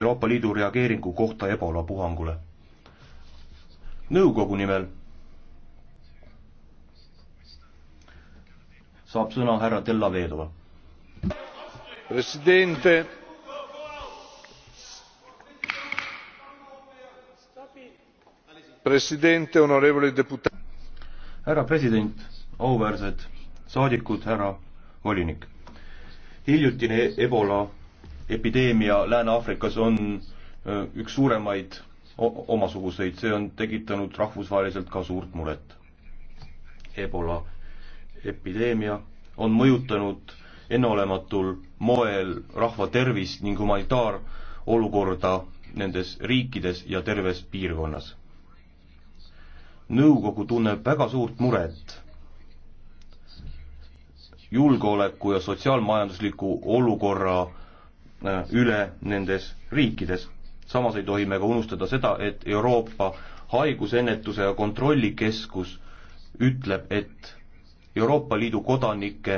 Euroopa Liidu reageeringu kohta Ebola puhangule. nõukogu nimel saab sõna härra Della Vedova. president. president, honorable deputat. härra president, auväärsed saadikud, härra volinik. hiljutine Ebola epideemia Lääne-Aafrikas on äh, üks suuremaid omasuguseid, see on tekitanud rahvusvaheliselt ka suurt muret. Ebola epideemia on mõjutanud enneolematul moel rahva tervist ning humanitaarolukorda nendes riikides ja terves piirkonnas. nõukogu tunneb väga suurt muret julgeoleku ja sotsiaalmajandusliku olukorra Äh, üle nendes riikides. samas ei tohi me ka unustada seda, et Euroopa haigusennetuse ja kontrollikeskus ütleb, et Euroopa Liidu kodanike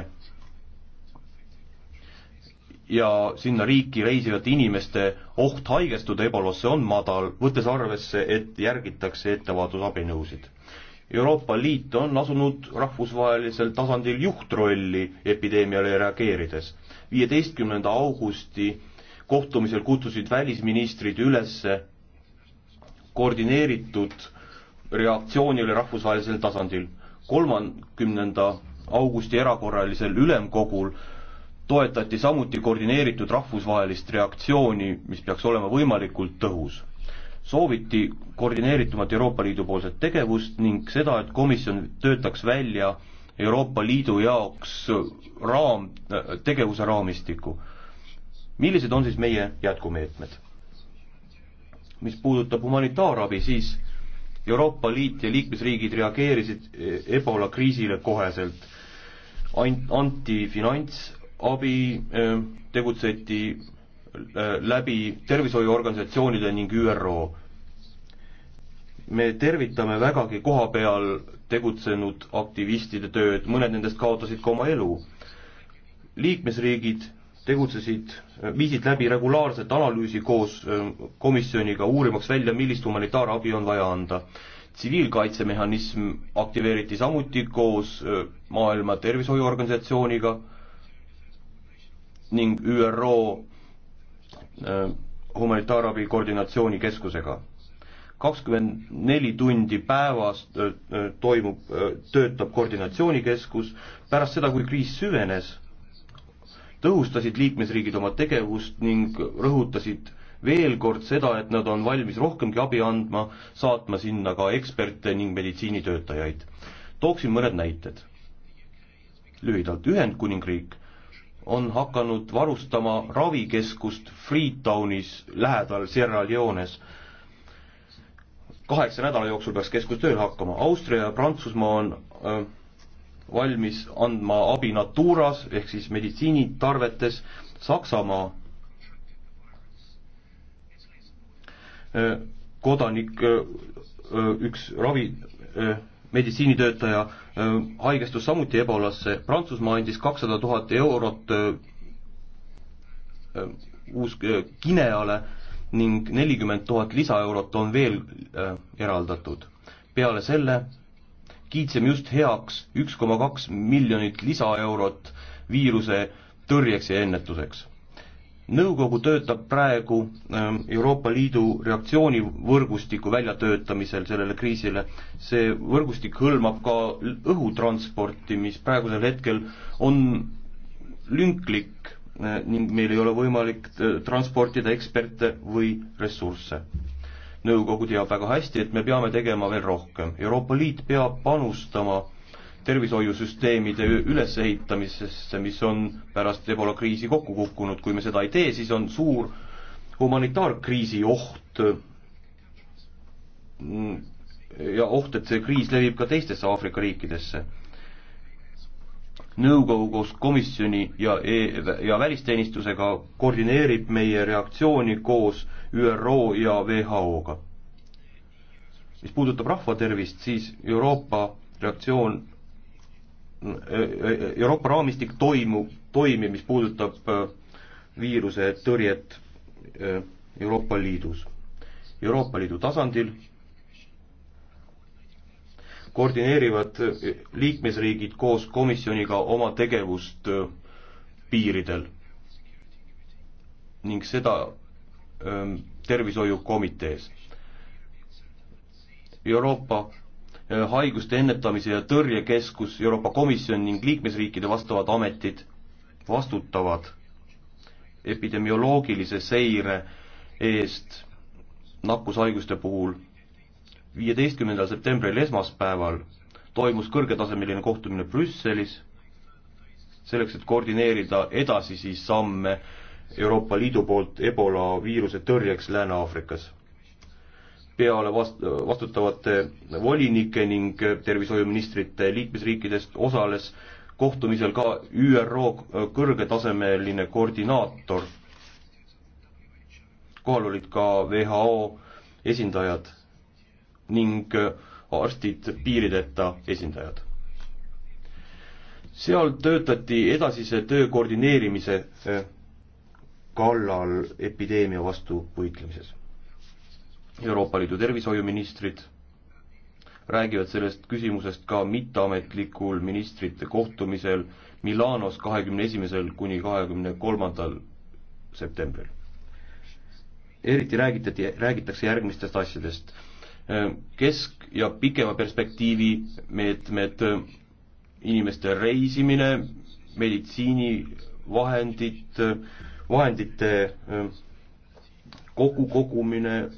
ja sinna riiki reisivate inimeste oht haigestuda ebolosse on madal, võttes arvesse, et järgitakse ettevaatusabinõusid. Euroopa Liit on asunud rahvusvahelisel tasandil juhtrolli epideemiale reageerides viieteistkümnenda augusti kohtumisel kutsusid välisministrid üles koordineeritud reaktsioonile rahvusvahelisel tasandil. kolmekümnenda augusti erakorralisel ülemkogul toetati samuti koordineeritud rahvusvahelist reaktsiooni, mis peaks olema võimalikult tõhus. sooviti koordineeritumat Euroopa Liidu poolset tegevust ning seda, et komisjon töötaks välja Euroopa Liidu jaoks raam, tegevuse raamistikku. millised on siis meie jätkumeetmed? mis puudutab humanitaarabi, siis Euroopa Liit ja liikmesriigid reageerisid eh, Ebola kriisile koheselt. Ant-, anti finantsabi, eh, tegutseti eh, läbi tervishoiuorganisatsioonide ning ÜRO. me tervitame vägagi kohapeal tegutsenud aktivistide tööd, mõned nendest kaotasid ka oma elu. liikmesriigid tegutsesid, viisid läbi regulaarset analüüsi koos komisjoniga, uurimaks välja, millist humanitaarabi on vaja anda. tsiviilkaitsemehhanism aktiveeriti samuti koos Maailma Tervishoiuorganisatsiooniga ning ÜRO humanitaarabi koordinatsioonikeskusega kakskümmend neli tundi päevas toimub, töötab koordinatsioonikeskus, pärast seda, kui kriis süvenes, tõhustasid liikmesriigid oma tegevust ning rõhutasid veel kord seda, et nad on valmis rohkemgi abi andma, saatma sinna ka eksperte ning meditsiinitöötajaid. tooksin mõned näited. lühidalt, Ühendkuningriik on hakanud varustama ravikeskust Freetownis lähedal Sierra Leones kaheksa nädala jooksul peaks keskus tööle hakkama. Austria ja Prantsusmaa on äh, valmis andma abi Naturas ehk siis meditsiinitarvetes, Saksamaa äh, kodanik äh,, äh üks ravi äh,, meditsiinitöötaja äh, haigestus samuti ebolasse, Prantsusmaa andis kakssada tuhat eurot äh, äh uus äh, Guineale äh, ning nelikümmend tuhat lisaeurot on veel äh, eraldatud. peale selle kiitsime just heaks üks koma kaks miljonit lisaeurot viiruse tõrjeks ja ennetuseks. nõukogu töötab praegu äh, Euroopa Liidu reaktsioonivõrgustiku väljatöötamisel sellele kriisile. see võrgustik hõlmab ka õhutransporti, mis praegusel hetkel on lünklik Äh, ning meil ei ole võimalik äh, transportida eksperte või ressursse. nõukogu teab väga hästi, et me peame tegema veel rohkem. Euroopa Liit peab panustama tervishoiusüsteemide ülesehitamisesse, mis on pärast Ebola kriisi kokku kukkunud, kui me seda ei tee, siis on suur humanitaarkriisi oht mm, ja oht, et see kriis levib ka teistesse Aafrika riikidesse nõukogu koos komisjoni ja e-, ja välisteenistusega koordineerib meie reaktsiooni koos ÜRO ja WHO-ga. mis puudutab rahva tervist, siis Euroopa reaktsioon, e, e, Euroopa raamistik toimu-, toimib, mis puudutab e, viiruse tõrjet Euroopa Liidus. Euroopa Liidu tasandil koordineerivad liikmesriigid koos komisjoniga oma tegevust piiridel ning seda tervishoiukomitees. Euroopa Haiguste Ennetamise ja Tõrjekeskus, Euroopa Komisjon ning liikmesriikide vastavad ametid vastutavad epidemioloogilise seire eest nakkushaiguste puhul viieteistkümnendal septembril esmaspäeval toimus kõrgetasemeline kohtumine Brüsselis, selleks, et koordineerida edasisi samme Euroopa Liidu poolt Ebola viiruse tõrjeks Lääne-Aafrikas. peale vast-, vastutavate volinike ning tervishoiuministrite liikmesriikidest osales kohtumisel ka ÜRO kõrgetasemeline koordinaator, kohal olid ka WHO esindajad ning äh, arstid piirideta esindajad. seal töötati edasise töö koordineerimise äh, kallal epideemia vastu võitlemises. Euroopa Liidu tervishoiuministrid räägivad sellest küsimusest ka mitteametlikul ministrite kohtumisel Milanos kahekümne esimesel kuni kahekümne kolmandal septembril. eriti räägitati, räägitakse järgmistest asjadest kesk- ja pikema perspektiivi meetmed, inimeste reisimine, meditsiinivahendid, vahendite kogu kogumine,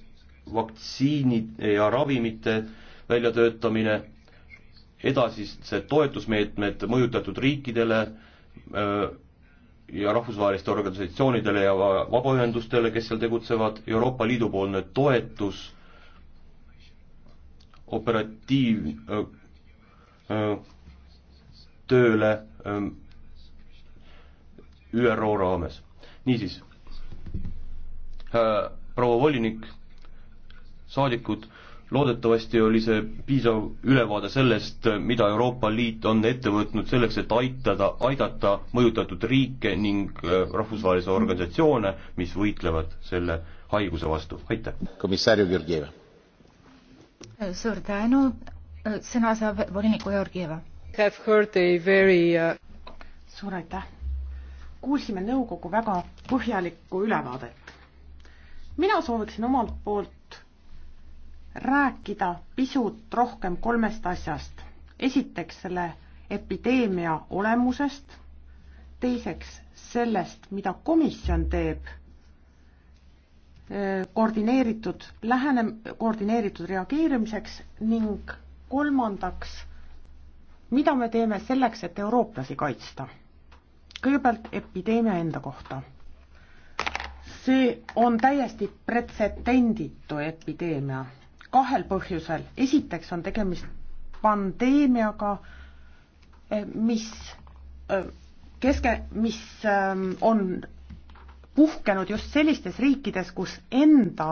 vaktsiinide ja ravimite väljatöötamine, edasised toetusmeetmed mõjutatud riikidele ja rahvusvahelistele organisatsioonidele ja vabaühendustele, kes seal tegutsevad, Euroopa Liidu poolne toetus operatiiv tööle ähm, ÜRO raames. niisiis, äh, proua volinik, saadikud, loodetavasti oli see piisav ülevaade sellest, mida Euroopa Liit on ette võtnud selleks, et aitada, aidata mõjutatud riike ning äh, rahvusvahelisi organisatsioone, mis võitlevad selle haiguse vastu, aitäh! komissar Jürgieva suur tänu, sõna saab volinik Georgieva. Have heard a very uh... suur aitäh. kuulsime nõukogu väga põhjalikku ülevaadet. mina sooviksin omalt poolt rääkida pisut rohkem kolmest asjast. esiteks selle epideemia olemusest, teiseks sellest, mida komisjon teeb koordineeritud lähenem-, koordineeritud reageerimiseks ning kolmandaks, mida me teeme selleks, et eurooplasi kaitsta? kõigepealt epideemia enda kohta. see on täiesti pretsedenditu epideemia kahel põhjusel. esiteks on tegemist pandeemiaga, eh, mis eh, keske, mis eh, on puhkenud just sellistes riikides, kus enda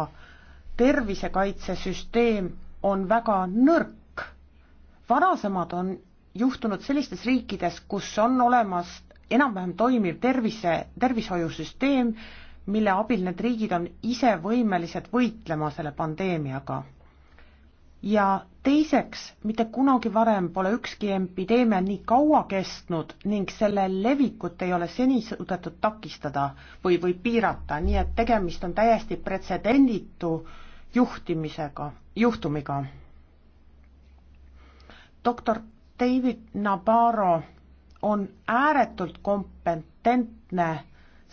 tervisekaitsesüsteem on väga nõrk. varasemad on juhtunud sellistes riikides, kus on olemas enam-vähem toimiv tervise, tervishoiusüsteem, mille abil need riigid on ise võimelised võitlema selle pandeemiaga ja teiseks, mitte kunagi varem pole ükski epideemia nii kaua kestnud ning selle levikut ei ole seni suudetud takistada või, või piirata, nii et tegemist on täiesti pretsedenditu juhtimisega, juhtumiga. doktor David Nabaro on ääretult kompetentne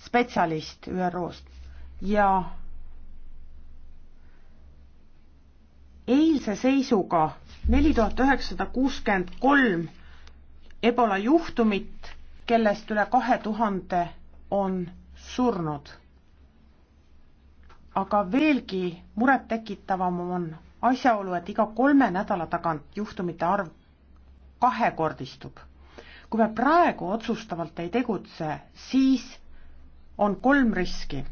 spetsialist ÜRO-st ja eilse seisuga neli tuhat üheksasada kuuskümmend kolm ebola juhtumit, kellest üle kahe tuhande on surnud. aga veelgi murettekitavam on asjaolu, et iga kolme nädala tagant juhtumite arv kahekordistub. kui me praegu otsustavalt ei tegutse, siis on kolm riski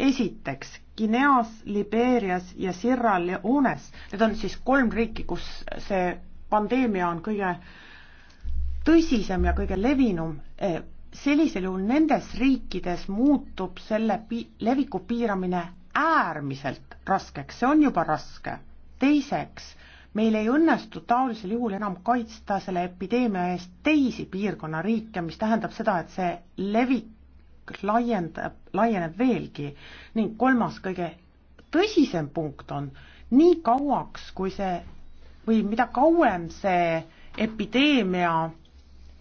esiteks Guineas, Libeerias ja Sierra Leones, need on siis kolm riiki, kus see pandeemia on kõige tõsisem ja kõige levinum, eh, sellisel juhul nendes riikides muutub selle pi-, leviku piiramine äärmiselt raskeks, see on juba raske. teiseks, meil ei õnnestu taolisel juhul enam kaitsta selle epideemia eest teisi piirkonna riike, mis tähendab seda, et see levik ning laiendab, laieneb veelgi ning kolmas kõige tõsisem punkt on nii kauaks, kui see või mida kauem see epideemia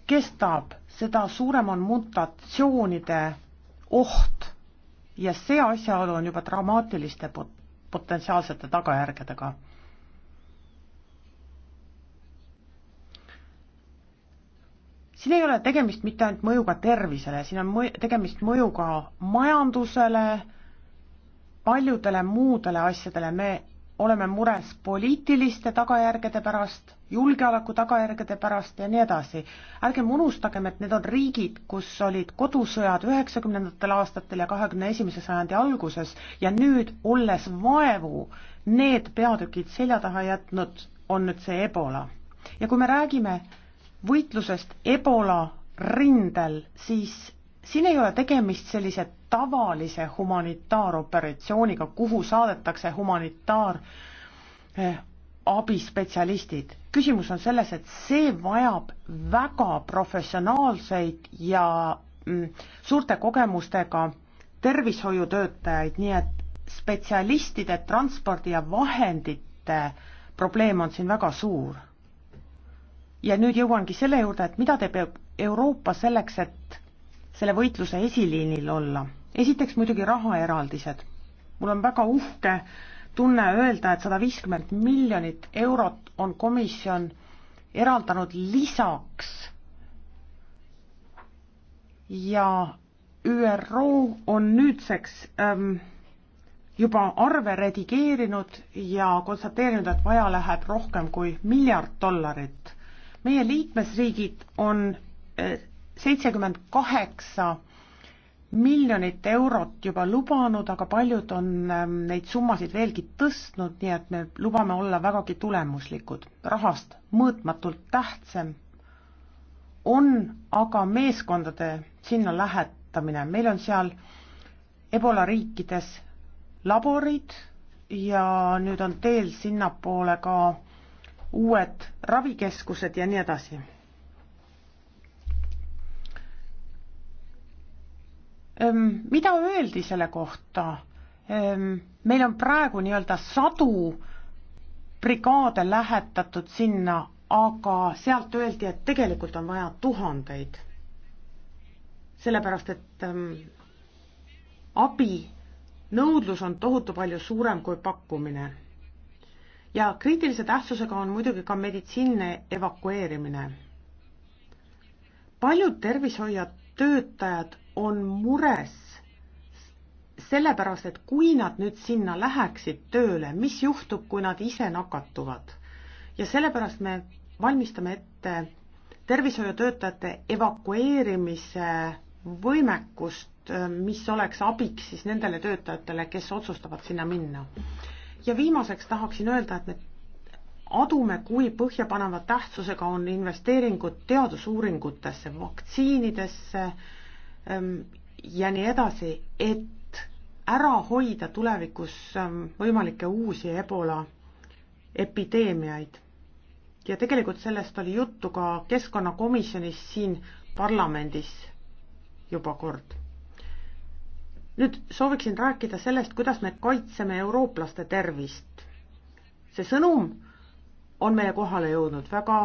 kestab, seda suurem on mutatsioonide oht ja see asjaolu on juba dramaatiliste pot-, potentsiaalsete tagajärgedega siin ei ole tegemist mitte ainult mõjuga tervisele, siin on mõju, tegemist mõjuga majandusele, paljudele muudele asjadele, me oleme mures poliitiliste tagajärgede pärast, julgeoleku tagajärgede pärast ja nii edasi. ärgem unustagem, et need on riigid, kus olid kodusõjad üheksakümnendatel aastatel ja kahekümne esimese sajandi alguses ja nüüd, olles vaevu need peatükid selja taha jätnud, on nüüd see Ebola. ja kui me räägime võitlusest Ebola rindel, siis siin ei ole tegemist sellise tavalise humanitaaroperatsiooniga, kuhu saadetakse humanitaar eh, abispetsialistid. küsimus on selles, et see vajab väga professionaalseid ja mm, suurte kogemustega tervishoiutöötajaid, nii et spetsialistide transpordi ja vahendite probleem on siin väga suur ja nüüd jõuangi selle juurde, et mida teeb Euroopa selleks, et selle võitluse esiliinil olla. esiteks muidugi rahaeraldised. mul on väga uhke tunne öelda, et sada viiskümmend miljonit eurot on komisjon eraldanud lisaks ja ÜRO on nüüdseks ähm, juba arve redigeerinud ja konstateerinud, et vaja läheb rohkem kui miljard dollarit meie liikmesriigid on eh, seitsekümmend kaheksa miljonit eurot juba lubanud, aga paljud on ehm, neid summasid veelgi tõstnud, nii et me lubame olla vägagi tulemuslikud. rahast mõõtmatult tähtsam on aga meeskondade sinna lähetamine, meil on seal Ebola riikides laborid ja nüüd on teel sinnapoole ka uued ravikeskused ja nii edasi. Ehm, mida öeldi selle kohta? Ehm, meil on praegu nii-öelda sadu brigaade lähetatud sinna, aga sealt öeldi, et tegelikult on vaja tuhandeid. sellepärast, et ehm, abi nõudlus on tohutu palju suurem kui pakkumine ja kriitilise tähtsusega on muidugi ka meditsiinne evakueerimine. paljud tervishoiatöötajad on mures sellepärast, et kui nad nüüd sinna läheksid tööle, mis juhtub, kui nad ise nakatuvad? ja sellepärast me valmistame ette tervishoiutöötajate evakueerimise võimekust, mis oleks abiks siis nendele töötajatele, kes otsustavad sinna minna ja viimaseks tahaksin öelda, et me adume, kui põhjapaneva tähtsusega on investeeringud teadusuuringutesse, vaktsiinidesse ähm, ja nii edasi, et ära hoida tulevikus ähm, võimalikke uusi ebola epideemiaid. ja tegelikult sellest oli juttu ka keskkonnakomisjonis siin parlamendis juba kord nüüd sooviksin rääkida sellest, kuidas me kaitseme eurooplaste tervist. see sõnum on meile kohale jõudnud väga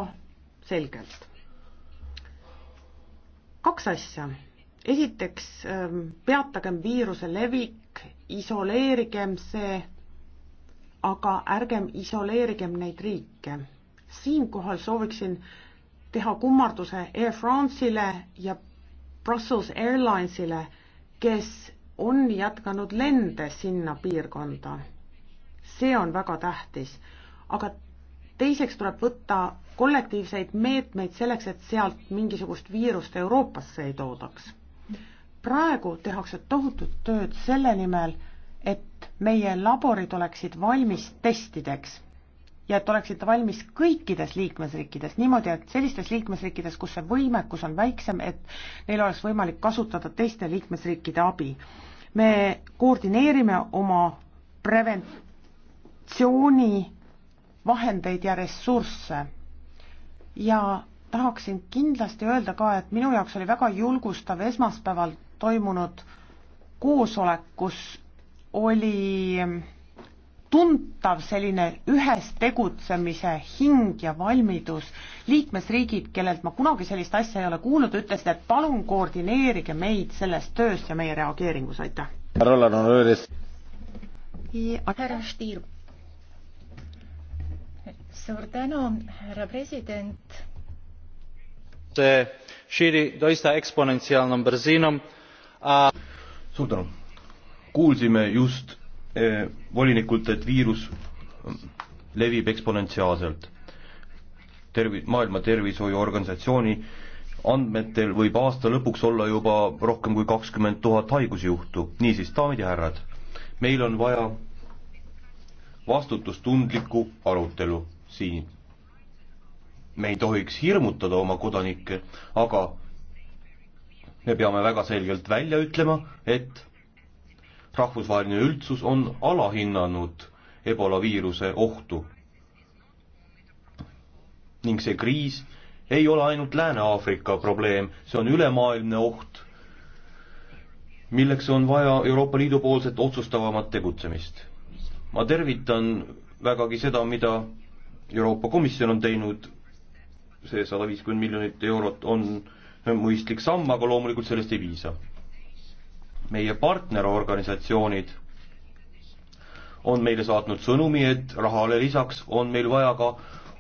selgelt. kaks asja. esiteks ähm, peatagem viiruse levik, isoleerigem see, aga ärgem isoleerigem neid riike. siinkohal sooviksin teha kummarduse Air France'ile ja Brussels Airlines'ile, kes on jätkanud lende sinna piirkonda. see on väga tähtis, aga teiseks tuleb võtta kollektiivseid meetmeid selleks, et sealt mingisugust viirust Euroopasse ei toodaks. praegu tehakse tohutut tööd selle nimel, et meie laborid oleksid valmis testideks ja et oleksite valmis kõikides liikmesriikides niimoodi, et sellistes liikmesriikides, kus see võimekus on väiksem, et neil oleks võimalik kasutada teiste liikmesriikide abi. me koordineerime oma preventsiooni vahendeid ja ressursse ja tahaksin kindlasti öelda ka, et minu jaoks oli väga julgustav esmaspäeval toimunud koosolek, kus oli tuntav selline ühes tegutsemise hing ja valmidus. liikmesriigid, kellelt ma kunagi sellist asja ei ole kuulnud, ütlesid, et palun koordineerige meid selles töös ja meie reageeringus, aitäh. härra Stier. suur tänu, härra president. see širi doista eksponentsiaalne brzinom a.... suur tänu. kuulsime just Eh, volinikult, et viirus mm, levib eksponentsiaalselt. tervi-, Maailma Tervishoiuorganisatsiooni andmetel võib aasta lõpuks olla juba rohkem kui kakskümmend tuhat haigusjuhtu. niisiis, daamid ja härrad, meil on vaja vastutustundlikku arutelu siin. me ei tohiks hirmutada oma kodanikke, aga me peame väga selgelt välja ütlema, et rahvusvaheline üldsus on alahinnanud ebola viiruse ohtu. ning see kriis ei ole ainult Lääne-Aafrika probleem, see on ülemaailmne oht, milleks on vaja Euroopa Liidu poolset otsustavamat tegutsemist. ma tervitan vägagi seda, mida Euroopa Komisjon on teinud, see sada viiskümmend miljonit eurot on mõistlik samm, aga loomulikult sellest ei piisa meie partnerorganisatsioonid on meile saatnud sõnumi, et rahale lisaks on meil vaja ka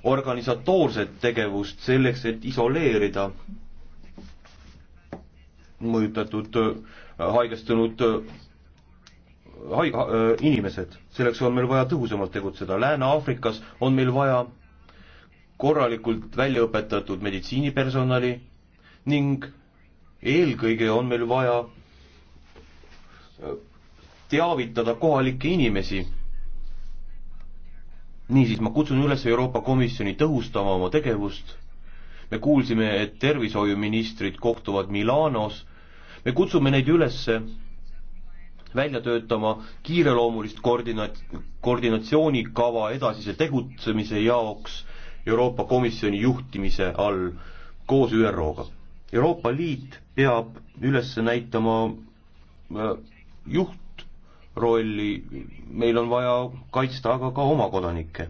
organisatoorset tegevust selleks, et isoleerida mõjutatud, äh, haigestunud äh, haiga, äh, inimesed. selleks on meil vaja tõhusamalt tegutseda. Lääne-Aafrikas on meil vaja korralikult välja õpetatud meditsiinipersonali ning eelkõige on meil vaja teavitada kohalikke inimesi. niisiis, ma kutsun üles Euroopa Komisjoni tõhustama oma tegevust. me kuulsime, et tervishoiuministrid kohtuvad Milanos. me kutsume neid üles välja töötama kiireloomulist koordina-, koordinatsioonikava edasise tegutsemise jaoks Euroopa Komisjoni juhtimise all koos ÜRO-ga. Euroopa Liit peab üles näitama äh, juhtrolli, meil on vaja kaitsta aga ka oma kodanikke.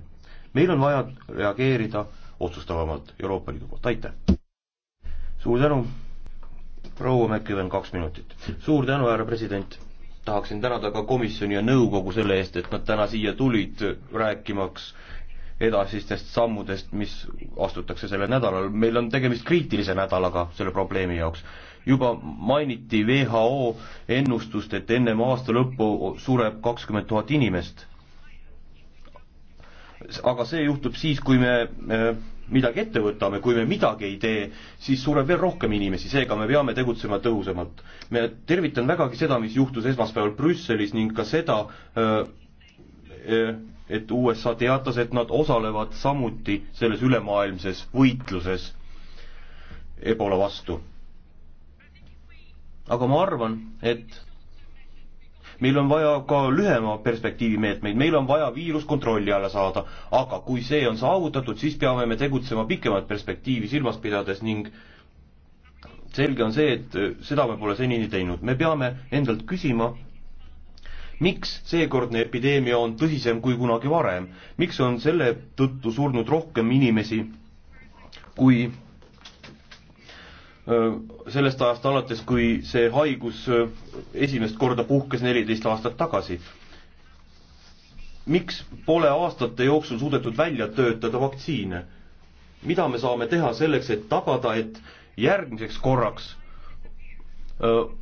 meil on vaja reageerida otsustavamalt Euroopa Liidu poolt, aitäh! suur tänu, proua Mäkkiven, kaks minutit. suur tänu, härra president! tahaksin tänada ka komisjoni ja nõukogu selle eest, et nad täna siia tulid rääkimaks edasistest sammudest, mis astutakse sellel nädalal, meil on tegemist kriitilise nädalaga selle probleemi jaoks juba mainiti WHO ennustust, et ennem aasta lõppu sureb kakskümmend tuhat inimest. aga see juhtub siis, kui me midagi ette võtame, kui me midagi ei tee, siis sureb veel rohkem inimesi, seega me peame tegutsema tõhusamalt. me tervitan vägagi seda, mis juhtus esmaspäeval Brüsselis ning ka seda, äh, äh, et USA teatas, et nad osalevad samuti selles ülemaailmses võitluses Ebola vastu aga ma arvan, et meil on vaja ka lühema perspektiivi meetmeid, meil on vaja viirus kontrolli alla saada, aga kui see on saavutatud, siis peame me tegutsema pikemat perspektiivi silmas pidades ning selge on see, et seda me pole senini teinud, me peame endalt küsima, miks seekordne epideemia on tõsisem kui kunagi varem, miks on selle tõttu surnud rohkem inimesi, kui öö, sellest ajast alates, kui see haigus äh, esimest korda puhkes neliteist aastat tagasi. miks pole aastate jooksul suudetud välja töötada vaktsiine? mida me saame teha selleks, et tagada, et järgmiseks korraks öö, äh,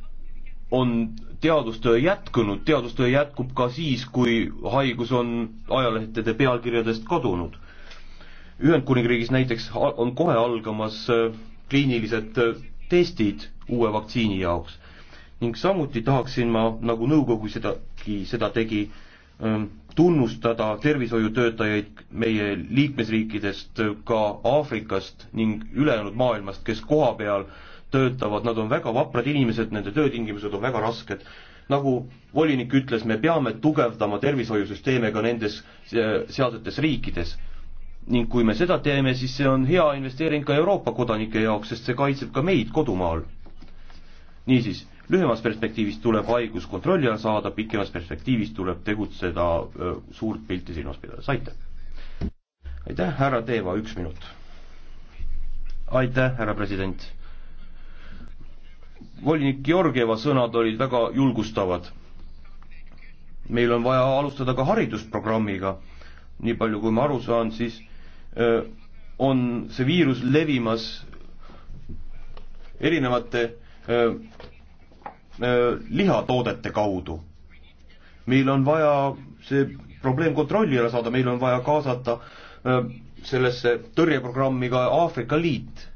on teadustöö jätkunud, teadustöö jätkub ka siis, kui haigus on ajalehtede pealkirjadest kadunud. Ühendkuningriigis näiteks on kohe algamas äh, kliinilised testid uue vaktsiini jaoks. ning samuti tahaksin ma, nagu nõukogu sedagi, seda tegi, ähm, tunnustada tervishoiutöötajaid meie liikmesriikidest, äh, ka Aafrikast ning ülejäänud maailmast, kes koha peal töötavad, nad on väga vaprad inimesed, nende töötingimused on väga rasked. nagu volinik ütles, me peame tugevdama tervishoiusüsteeme ka nendes äh, sealsetes riikides ning kui me seda teeme, siis see on hea investeering ka Euroopa kodanike jaoks, sest see kaitseb ka meid kodumaal. niisiis, lühemas perspektiivis tuleb haigus kontrolli alla saada, pikemas perspektiivis tuleb tegutseda öö, suurt pilti silmas pidades, aitäh! aitäh, härra Teeva, üks minut. aitäh, härra president! volinik Georgieva sõnad olid väga julgustavad. meil on vaja alustada ka haridusprogrammiga nii palju, kui ma aru saan, siis on see viirus levimas erinevate lihatoodete kaudu. meil on vaja see probleem kontrolli alla saada, meil on vaja kaasata sellesse tõrjeprogrammi ka Aafrika Liit.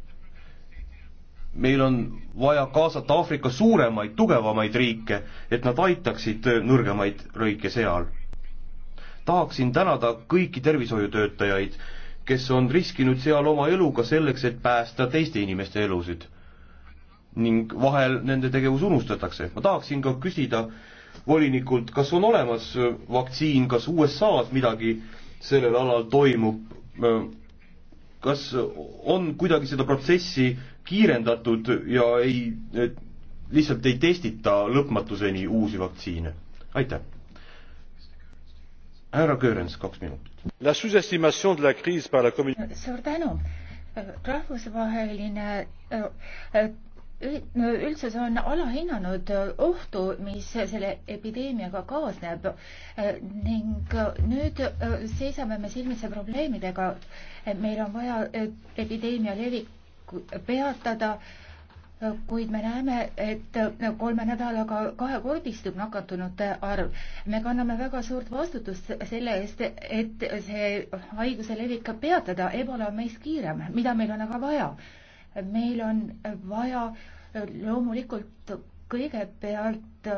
meil on vaja kaasata Aafrika suuremaid, tugevamaid riike, et nad aitaksid nõrgemaid lõike seal. tahaksin tänada kõiki tervishoiutöötajaid kes on riskinud seal oma eluga selleks, et päästa teiste inimeste elusid. ning vahel nende tegevus unustatakse. ma tahaksin ka küsida volinikult, kas on olemas äh, vaktsiin, kas USA-s midagi sellel alal toimub, äh, kas on kuidagi seda protsessi kiirendatud ja ei, lihtsalt ei testita lõpmatuseni uusi vaktsiine? aitäh! härra Köörens, kaks minutit suur tänu. rahvusvaheline äh, äh, üldsus on alahinnanud ohtu, mis selle epideemiaga kaasneb äh, ning nüüd seisame me silmitsi probleemidega. meil on vaja epideemia levik peatada kuid me näeme, et kolme nädalaga kahekordistub nakatunute arv. me kanname väga suurt vastutust selle eest, et see haiguse levik ka peatada. Ebola on meist kiirem, mida meil on aga vaja? meil on vaja loomulikult kõigepealt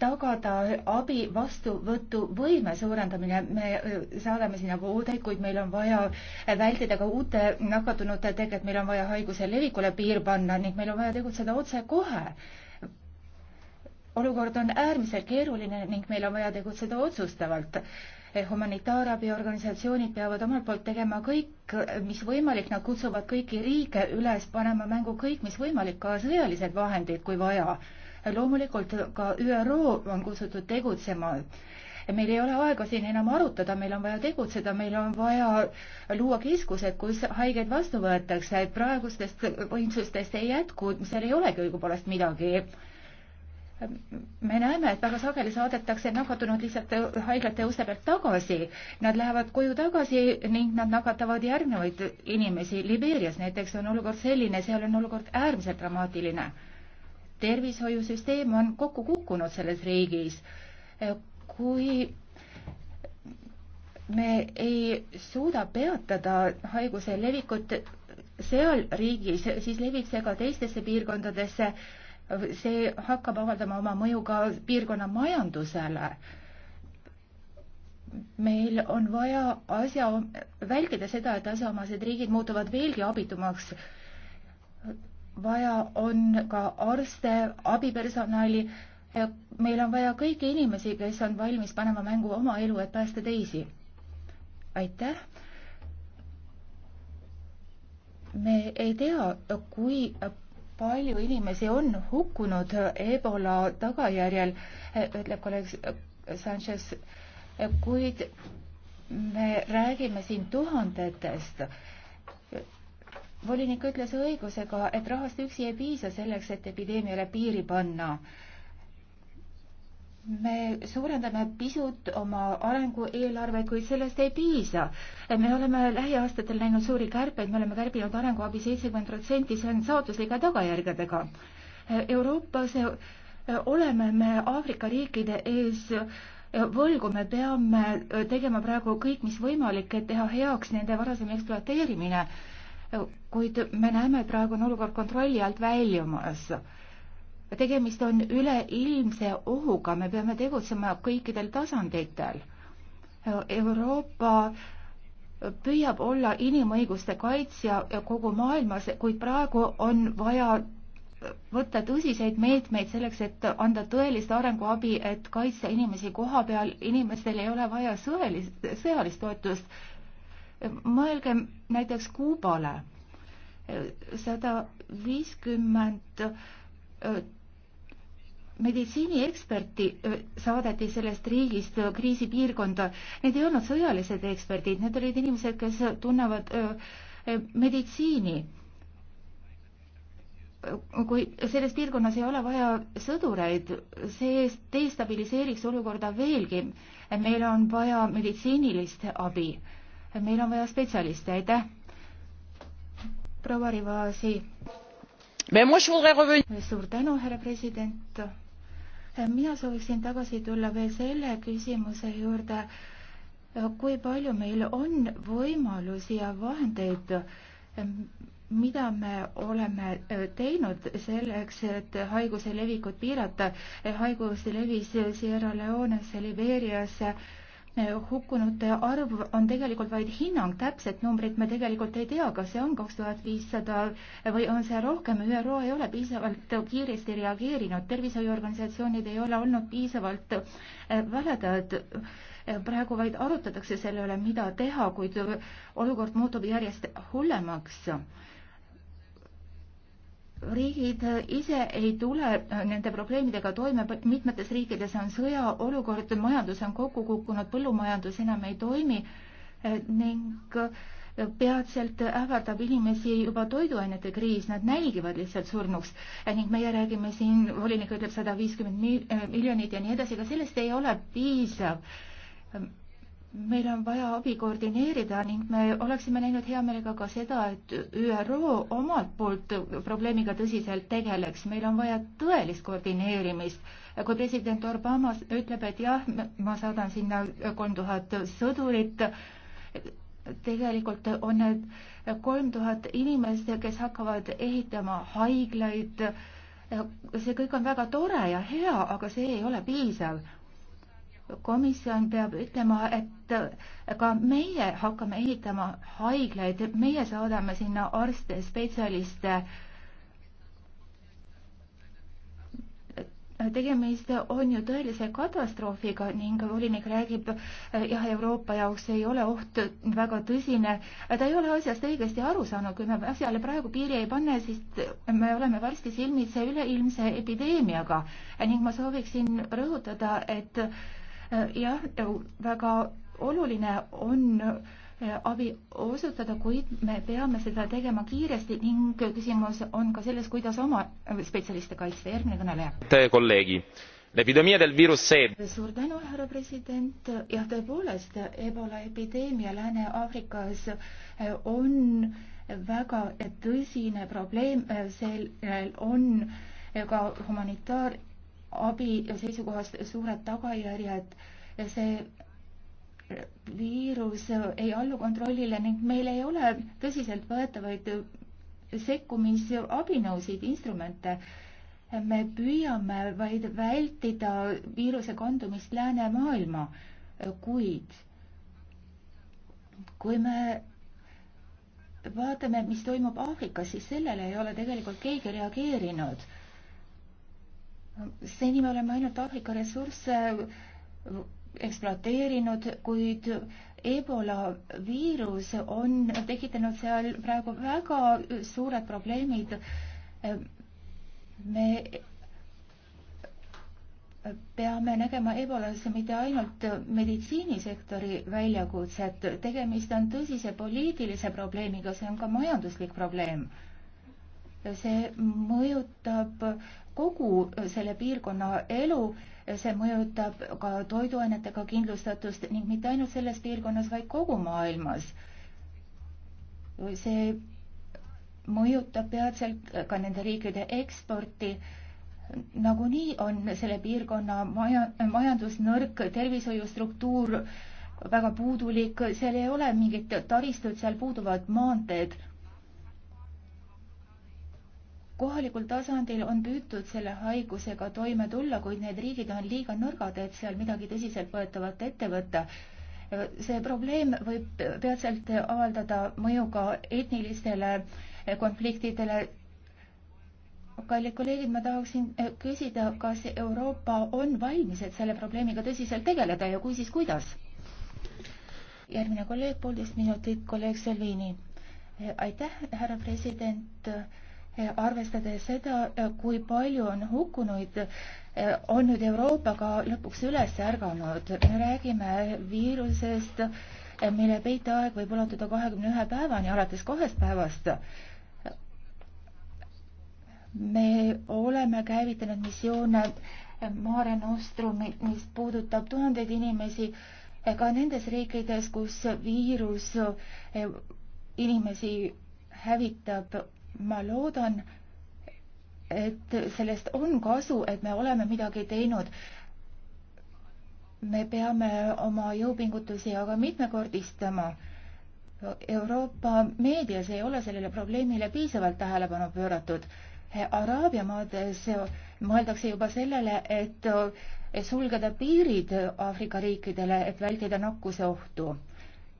tagada abi vastuvõtuvõime suurendamine. me äh, saadame sinna nagu kvoode, kuid meil on vaja äh, vältida ka uute nakatunute teket, meil on vaja haiguse levikule piir panna ning meil on vaja tegutseda otsekohe. olukord on äärmiselt keeruline ning meil on vaja tegutseda otsustavalt eh, humanitaarabiorganisatsioonid peavad omalt poolt tegema kõik, äh, mis võimalik, nad kutsuvad kõiki riike üles panema mängu kõik, mis võimalik, ka sõjalised vahendid, kui vaja loomulikult ka ÜRO on kutsutud tegutsema. meil ei ole aega siin enam arutada, meil on vaja tegutseda, meil on vaja luua keskused, kus haigeid vastu võetakse, praegustest võimsustest ei jätku, seal ei olegi õigupoolest midagi me näeme, et väga sageli saadetakse nakatunud lihtsalt haiglate uste pealt tagasi. Nad lähevad koju tagasi ning nad nakatavad järgnevaid inimesi. Libeerias näiteks on olukord selline, seal on olukord äärmiselt dramaatiline tervishoiusüsteem on kokku kukkunud selles riigis. kui me ei suuda peatada haiguse levikut seal riigis, siis levib see ka teistesse piirkondadesse. see hakkab avaldama oma mõju ka piirkonna majandusele. meil on vaja asja, vältida seda, et asjaomased riigid muutuvad veelgi abitumaks vaja on ka arste, abipersonali. meil on vaja kõiki inimesi, kes on valmis panema mängu oma elu, et päästa teisi. aitäh. me ei tea, kui palju inimesi on hukkunud Ebola tagajärjel, ütleb kolleeg Sanchez, kuid me räägime siin tuhandetest volinik ütles õigusega, et rahast üksi ei piisa selleks, et epideemiale piiri panna. me suurendame pisut oma arengueelarveid, kuid sellest ei piisa. me oleme lähiaastatel näinud suuri kärpeid, me oleme kärbinud arenguabi seitsekümmend protsenti, see on saatuslike tagajärgedega. Euroopas oleme me Aafrika riikide ees võlgu me peame tegema praegu kõik, mis võimalik, et teha heaks nende varasem ekspluateerimine kuid me näeme, et praegu on olukord kontrolli alt väljumas. tegemist on üleilmse ohuga, me peame tegutsema kõikidel tasanditel. Euroopa püüab olla inimõiguste kaitsja kogu maailmas, kuid praegu on vaja võtta tõsiseid meetmeid selleks, et anda tõelist arenguabi, et kaitsta inimesi koha peal, inimestel ei ole vaja sõelist, sõjalist toetust, mõelgem näiteks Kuubale. sada viiskümmend meditsiinieksperti saadeti sellest riigist kriisipiirkonda. Need ei olnud sõjalised eksperdid, need olid inimesed, kes tunnevad meditsiini. kui selles piirkonnas ei ole vaja sõdureid, see destabiliseeriks olukorda veelgi. meil on vaja meditsiinilist abi meil on vaja spetsialiste, aitäh. proua Rivasi. suur tänu, härra president. mina sooviksin tagasi tulla veel selle küsimuse juurde, kui palju meil on võimalusi ja vahendeid, mida me oleme e, teinud selleks, et haiguse levikut piirata. E, haigus levis Sierra Leones, Liberias hukkunute arv on tegelikult vaid hinnang, täpset numbrit me tegelikult ei tea, kas see on kaks tuhat viissada või on see rohkem, ÜRO ei ole piisavalt kiiresti reageerinud, tervishoiuorganisatsioonid ei ole olnud piisavalt äh, väledad, praegu vaid arutatakse selle üle, mida teha, kuid olukord muutub järjest hullemaks riigid ise ei tule äh, nende probleemidega toime, mitmetes riikides on sõjaolukord, majandus on kokku kukkunud, põllumajandus enam ei toimi äh, ning äh, peatselt ähvardab inimesi juba toiduainete kriis, nad nälgivad lihtsalt surnuks ning meie räägime siin, volinik ütleb sada viiskümmend miljonit ja nii edasi, aga sellest ei ole piisav ähm, meil on vaja abi koordineerida ning me oleksime näinud hea meelega ka seda, et ÜRO omalt poolt probleemiga tõsiselt tegeleks, meil on vaja tõelist koordineerimist. kui president Obama ütleb, et jah, ma saadan sinna kolm tuhat sõdurit, tegelikult on need kolm tuhat inimest, kes hakkavad ehitama haiglaid, see kõik on väga tore ja hea, aga see ei ole piisav komisjon peab ütlema, et ka meie hakkame ehitama haiglaid, meie saadame sinna arste, spetsialiste. tegemist on ju tõelise katastroofiga ning volinik räägib, jah, Euroopa jaoks ei ole oht väga tõsine. ta ei ole asjast õigesti aru saanud, kui me asjale praegu piiri ei pane, siis me oleme varsti silmitsi üleilmse epideemiaga ning ma sooviksin rõhutada, et Äh, jah, väga oluline on äh, abi osutada, kuid me peame seda tegema kiiresti ning küsimus on ka selles, kuidas oma äh, spetsialiste kaitsta. järgmine kõneleja. Teie kolleegi. L'epidemia del virus C. suur tänu, härra president. jah, tõepoolest, ebola epideemia Lääne-Aafrikas on väga tõsine probleem, seal on ka humanitaar- abi seisukohast suured tagajärjed. see viirus ei allu kontrollile ning meil ei ole tõsiseltvõetavaid sekkumisabinõusid, instrumente. me püüame vaid vältida viiruse kandumist läänemaailma, kuid kui me vaatame, mis toimub Aafrikas, siis sellele ei ole tegelikult keegi reageerinud seni me oleme ainult Aafrika ressursse ekspluateerinud, kuid Ebola viirus on tekitanud seal praegu väga suured probleemid. me peame nägema Ebolas mitte ainult meditsiinisektori väljakutset, tegemist on tõsise poliitilise probleemiga, see on ka majanduslik probleem. see mõjutab kogu äh, selle piirkonna elu, see mõjutab ka toiduainetega kindlustatust ning mitte ainult selles piirkonnas, vaid kogu maailmas. see mõjutab peatselt ka nende riikide eksporti. nagunii on selle piirkonna maja, majandus nõrk, tervishoiustruktuur väga puudulik, seal ei ole mingit taristut, seal puuduvad maanteed kohalikul tasandil on püütud selle haigusega toime tulla, kuid need riigid on liiga nõrgad, et seal midagi tõsiseltvõetavat ette võtta. see probleem võib peatselt avaldada mõju ka etnilistele konfliktidele. kallid kolleegid, ma tahaksin küsida, kas Euroopa on valmis, et selle probleemiga tõsiselt tegeleda ja kui, siis kuidas? järgmine kolleeg, poolteist minutit, kolleeg Salvini. aitäh, härra president arvestades seda, kui palju on hukkunuid, on nüüd Euroopa ka lõpuks üles ärganud. me räägime viirusest, mille peiteaeg võib ulatuda kahekümne ühe päevani alates kahest päevast. me oleme käivitanud missioone Mare Nostrum, mis puudutab tuhandeid inimesi ka nendes riikides, kus viirus inimesi hävitab ma loodan, et sellest on kasu, et me oleme midagi teinud. me peame oma jõupingutusi aga mitmekordistama. Euroopa meedias ei ole sellele probleemile piisavalt tähelepanu pööratud. Araabia maades mõeldakse juba sellele, et sulgeda piirid Aafrika riikidele, et vältida nakkuse ohtu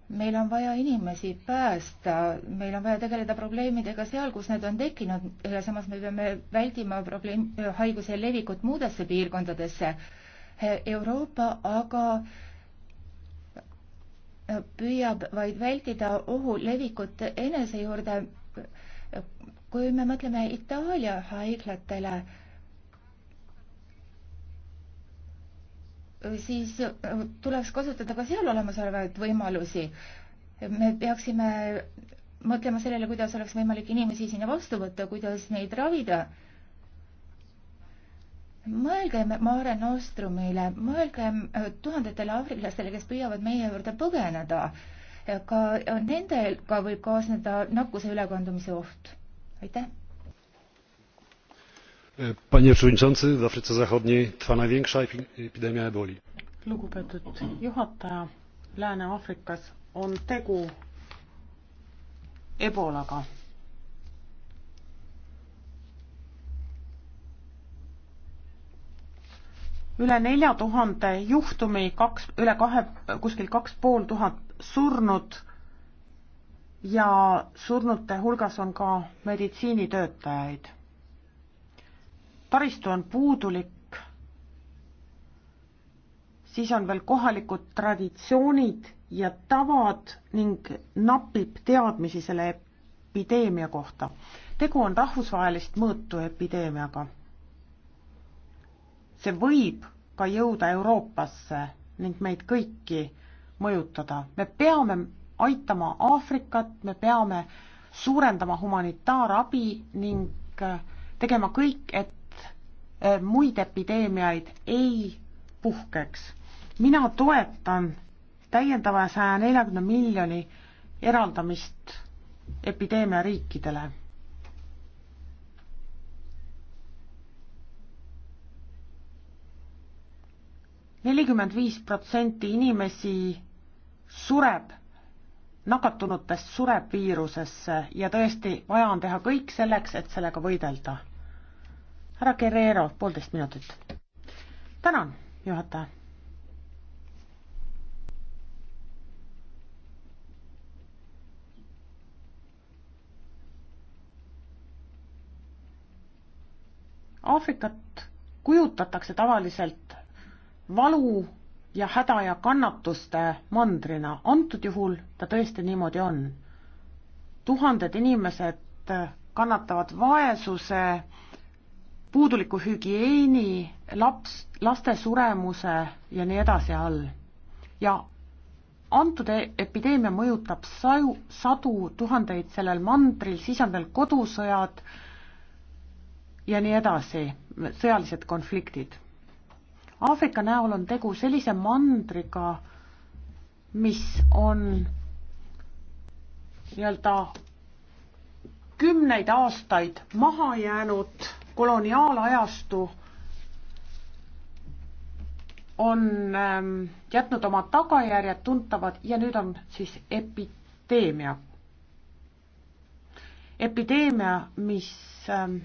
meil on vaja inimesi päästa, meil on vaja tegeleda probleemidega seal, kus need on tekkinud ja samas me peame väldima probleem, äh, haiguse levikut muudesse piirkondadesse. Euroopa aga äh, püüab vaid vältida ohu levikut enese juurde. kui me mõtleme Itaalia haiglatele, siis äh, tuleks kasutada ka seal olemasolevaid võimalusi. me peaksime mõtlema sellele, kuidas oleks võimalik inimesi sinna vastu võtta, kuidas neid ravida. mõelgem Mare Nostrumile, mõelgem äh, tuhandetele aafriklastele, kes püüavad meie juurde põgeneda. ka nendega võib kaasneda nakkuse ülekandumise oht. aitäh panie przewodniczący! w afryce zachodniej trwa największa epideemia eboli. lugupeetud juhataja lääne aafrikas on tegu ebolaga. üle nelja tuhande juhtumi kaks üle kahe kuskil kaks pool tuhat surnut ja surnute hulgas on ka meditsiinitöötajaid taristu on puudulik, siis on veel kohalikud traditsioonid ja tavad ning napib teadmisi selle epideemia kohta. tegu on rahvusvahelist mõõtu epideemiaga. see võib ka jõuda Euroopasse ning meid kõiki mõjutada. me peame aitama Aafrikat, me peame suurendama humanitaarabi ning tegema kõik, et Äh, muid epideemiaid ei puhkeks. mina toetan täiendava saja neljakümne miljoni eraldamist epideemia riikidele. nelikümmend viis protsenti inimesi sureb, nakatunutest sureb viirusesse ja tõesti vaja on teha kõik selleks, et sellega võidelda härra Guerrero, poolteist minutit. tänan, juhataja. Aafrikat kujutatakse tavaliselt valu ja häda ja kannatuste mandrina, antud juhul ta tõesti niimoodi on. tuhanded inimesed kannatavad vaesuse puuduliku hügieeni, laps, laste suremuse ja nii edasi all. ja antud e-, epideemia mõjutab saju, sadu tuhandeid sellel mandril, siis on veel kodusõjad ja nii edasi, sõjalised konfliktid. Aafrika näol on tegu sellise mandriga, mis on nii-öelda kümneid aastaid maha jäänud koloniaalajastu on ähm, jätnud oma tagajärjed tuntavad ja nüüd on siis epideemia. epideemia, mis ähm,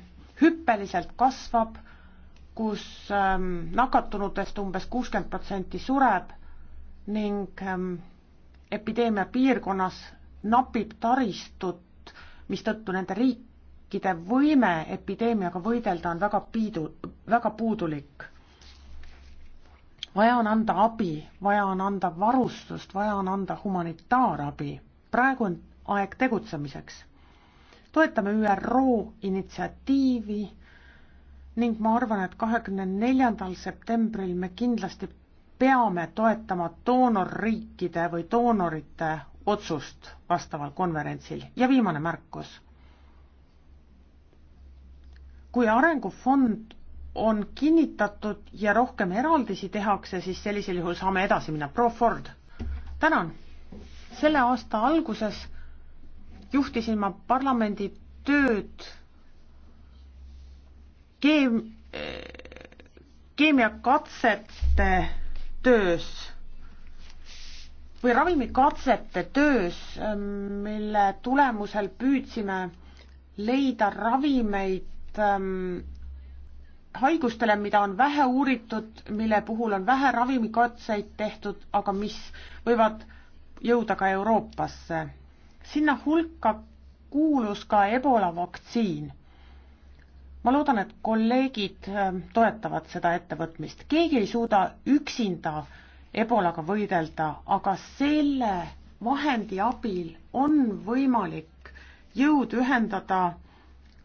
hüppeliselt kasvab, kus ähm, nakatunutest umbes kuuskümmend protsenti sureb ning ähm, epideemia piirkonnas napib taristut, mistõttu nende riik riikide võime epideemiaga võidelda on väga piidu, väga puudulik. vaja on anda abi, vaja on anda varustust, vaja on anda humanitaarabi. praegu on aeg tegutsemiseks. toetame ÜRO initsiatiivi ning ma arvan, et kahekümne neljandal septembril me kindlasti peame toetama doonorriikide või doonorite otsust vastaval konverentsil ja viimane märkus kui arengufond on kinnitatud ja rohkem eraldisi tehakse, siis sellisel juhul saame edasi minna. proua Ford, tänan. selle aasta alguses juhtisin ma parlamendi tööd keem-, keemiakatsete töös või ravimikatsete töös, mille tulemusel püüdsime leida ravimeid, ähm, haigustele, mida on vähe uuritud, mille puhul on vähe ravimikatseid tehtud, aga mis võivad jõuda ka Euroopasse. sinna hulka kuulus ka Ebola vaktsiin. ma loodan, et kolleegid ähm, toetavad seda ettevõtmist. keegi ei suuda üksinda Ebolaga võidelda, aga selle vahendi abil on võimalik jõud ühendada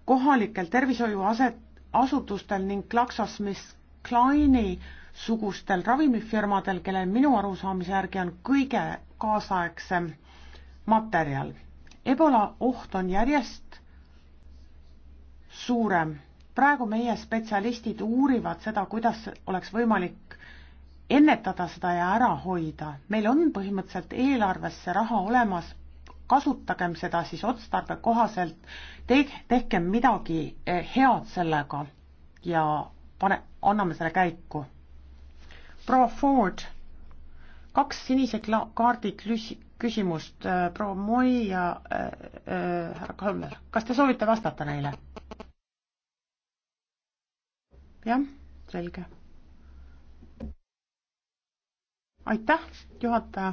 kohalikel tervishoiuaset-, asutustel ning Klaksas Miss Kleini sugustel ravimifirmadel, kellel minu arusaamise järgi on kõige kaasaegsem materjal. Ebola oht on järjest suurem. praegu meie spetsialistid uurivad seda, kuidas oleks võimalik ennetada seda ja ära hoida. meil on põhimõtteliselt eelarves see raha olemas, kasutagem seda siis otstarbekohaselt, tehkem midagi eh, head sellega ja pane, anname selle käiku. proua Ford, kaks sinise kaardi küsimust eh, proua Moi ja eh, härra äh, Kalmer, kas te soovite vastata neile? jah, selge. aitäh, juhataja.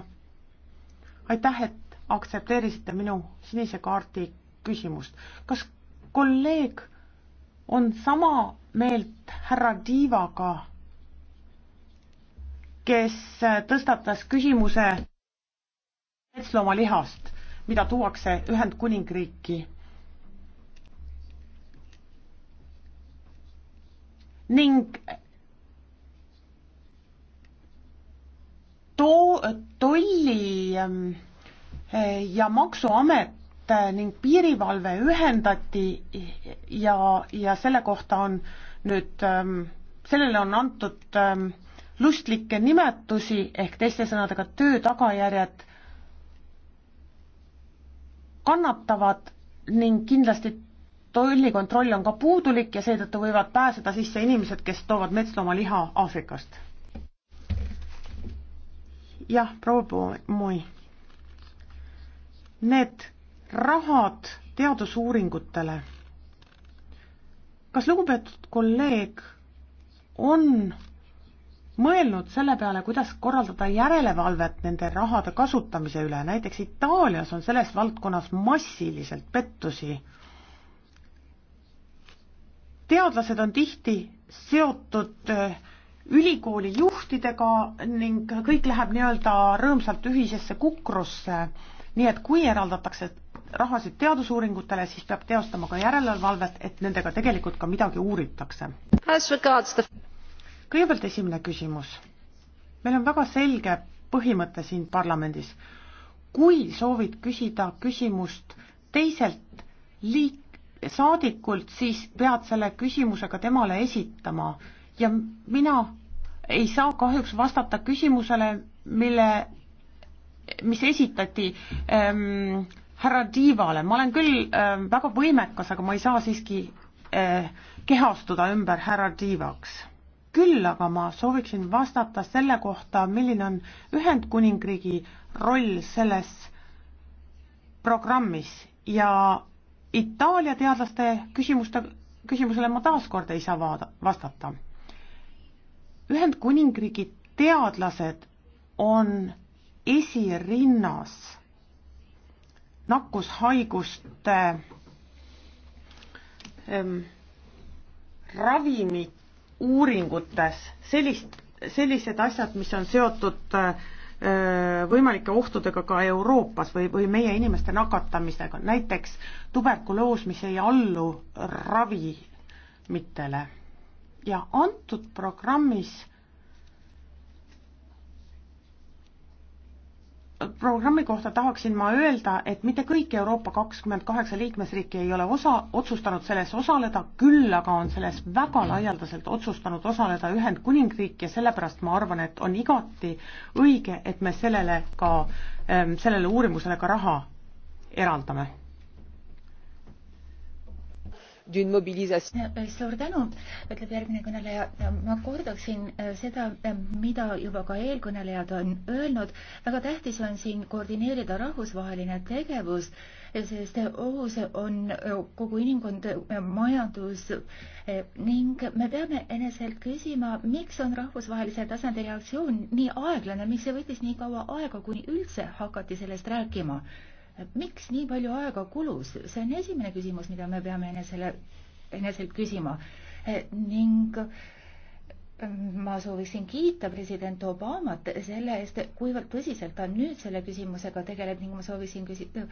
aitäh, et aktsepteerisite minu sinise kaardi küsimust. kas kolleeg on sama meelt härra Tiivaga, kes tõstatas küsimuse metsloomalihast, mida tuuakse Ühendkuningriiki? ning too, tolli ähm, ja Maksuamet ning piirivalve ühendati ja, ja selle kohta on nüüd, ähm, sellele on antud ähm, lustlikke nimetusi ehk teiste sõnadega töö tagajärjed kannatavad ning kindlasti tollikontroll on ka puudulik ja seetõttu võivad pääseda sisse inimesed, kes toovad metsloomaliha Aafrikast. jah, proua Mui need rahad teadusuuringutele. kas lugupeetud kolleeg on mõelnud selle peale, kuidas korraldada järelevalvet nende rahade kasutamise üle, näiteks Itaalias on selles valdkonnas massiliselt pettusi. teadlased on tihti seotud eh, ülikooli juhtidega ning kõik läheb nii-öelda rõõmsalt ühisesse kukrusse nii et kui eraldatakse rahasid teadusuuringutele, siis peab teostama ka järelevalvet, et nendega tegelikult ka midagi uuritakse. kõigepealt esimene küsimus. meil on väga selge põhimõte siin parlamendis. kui soovid küsida küsimust teiselt liik-, saadikult, siis pead selle küsimusega temale esitama ja mina ei saa kahjuks vastata küsimusele, mille mis esitati ähm, härra Tiivale, ma olen küll ähm, väga võimekas, aga ma ei saa siiski äh, kehastuda ümber härra Tiivaks. küll aga ma sooviksin vastata selle kohta, milline on Ühendkuningriigi roll selles programmis ja Itaalia teadlaste küsimuste, küsimusele ma taaskord ei saa vaada, vastata. Ühendkuningriigi teadlased on esirinnas nakkushaiguste ähm, ravimi uuringutes sellist, sellised asjad, mis on seotud äh, võimalike ohtudega ka Euroopas või, või meie inimeste nakatamisega, näiteks tuberkuloos, mis ei allu ravimitele. ja antud programmis programmi kohta tahaksin ma öelda, et mitte kõik Euroopa kakskümmend kaheksa liikmesriiki ei ole osa, otsustanud selles osaleda, küll aga on selles väga laialdaselt otsustanud osaleda Ühendkuningriik ja sellepärast ma arvan, et on igati õige, et me sellele ka, ehm, sellele uurimusele ka raha eraldame d'une mobilisation. Äh, suur tänu, ütleb järgmine kõneleja. ma kordaksin äh, seda, äh, mida juba ka eelkõnelejad on öelnud. väga tähtis on siin koordineerida rahvusvaheline tegevus, sest ohus on kogu inimkond, majandus ning me peame eneselt küsima, miks on rahvusvahelise tasandi reaktsioon nii aeglane, miks see võttis nii kaua aega, kuni üldse hakati sellest rääkima miks nii palju aega kulus, see on esimene küsimus, mida me peame enesele, eneselt küsima eh, ning eh, ma sooviksin kiita president Obamat selle eest, kuivõrd tõsiselt ta nüüd selle küsimusega tegeleb ning ma sooviksin küsida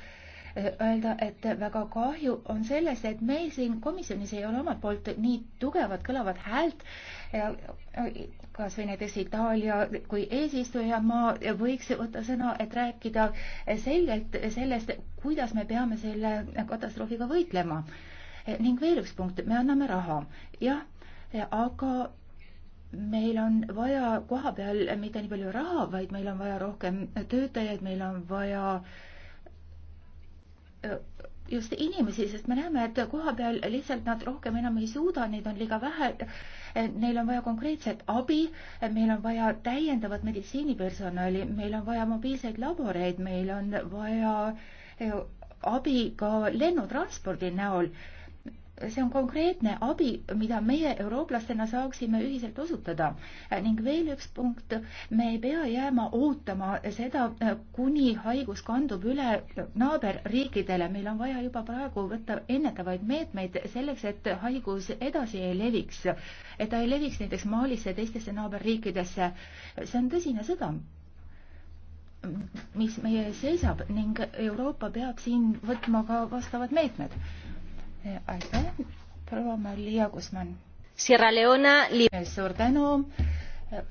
öelda, et väga kahju on sellest, et meil siin komisjonis ei ole omalt poolt nii tugevat kõlavat häält, kas või näiteks Itaalia kui eesistujamaa võiks võtta sõna, et rääkida selgelt sellest, kuidas me peame selle katastroofiga võitlema. ning veel üks punkt, me anname raha, jah, aga meil on vaja koha peal mitte nii palju raha, vaid meil on vaja rohkem töötajaid, meil on vaja äh, just inimesi, sest me näeme, et koha peal lihtsalt nad rohkem enam ei suuda, neid on liiga vähe. Neil on vaja konkreetset abi, meil on vaja täiendavat meditsiinipersonali, meil on vaja mobiilseid laboreid, meil on vaja eh, abi ka lennutranspordi näol see on konkreetne abi, mida meie eurooplastena saaksime ühiselt osutada. ning veel üks punkt, me ei pea jääma ootama seda, kuni haigus kandub üle naaberriikidele, meil on vaja juba praegu võtta ennetavaid meetmeid selleks, et haigus edasi ei leviks, et ta ei leviks näiteks Malisse ja teistesse naaberriikidesse. see on tõsine sõda mis meie ees seisab ning Euroopa peab siin võtma ka vastavad meetmed Eh, aitäh, proua Maria Kusman. Sierra Leona li-. Eh, suur tänu. Eh,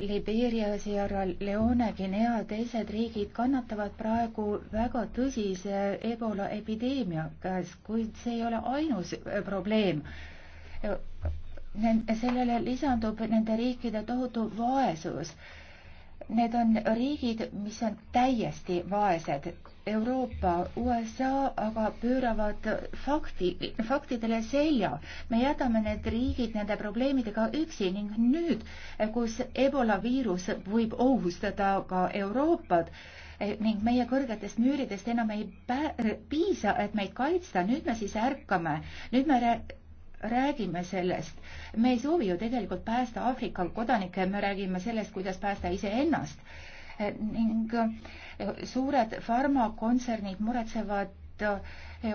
Libeeria, Sierra Leone, Guinea, teised riigid kannatavad praegu väga tõsise ebola epideemia käes, kuid see ei ole ainus probleem sellele lisandub nende riikide tohutu vaesus Need on riigid, mis on täiesti vaesed. Euroopa, USA aga pööravad fakti, faktidele selja. me jätame need riigid nende probleemidega üksi ning nüüd, kus Ebola viirus võib ohustada ka Euroopat, eh, ning meie kõrgetest müüridest enam ei piisa, et meid kaitsta, nüüd me siis ärkame, nüüd me räägime sellest. me ei soovi ju tegelikult päästa Aafrika kodanikke, me räägime sellest, kuidas päästa iseennast. Eh, ning eh, suured farmakontsernid muretsevad eh,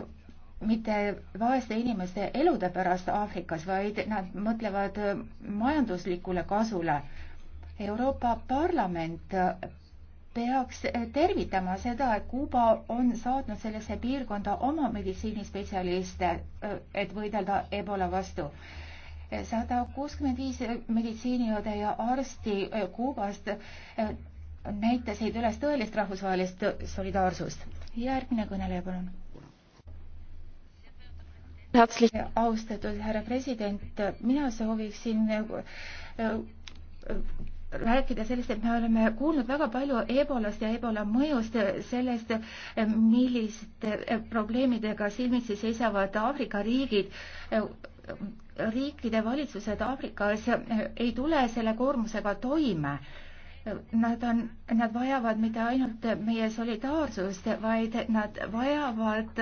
mitte vaeste inimeste elude pärast Aafrikas, vaid nad mõtlevad majanduslikule kasule. Euroopa Parlament peaks eh, tervitama seda, et Kuuba on saatnud sellesse piirkonda oma meditsiinispetsialiste, eh, et võidelda Ebola vastu. Eh, sada kuuskümmend viis meditsiiniõde ja arsti Kuubast näitasid üles tõelist rahvusvahelist solidaarsust. järgmine kõneleja, palun. austatud härra president, mina sooviksin rääkida sellest, et me oleme kuulnud väga palju ebolast ja ebola mõjust, sellest, milliste probleemidega silmitsi seisavad Aafrika riigid. riikide valitsused Aafrikas ei tule selle koormusega toime. Nad on, nad vajavad mitte ainult meie solidaarsust, vaid nad vajavad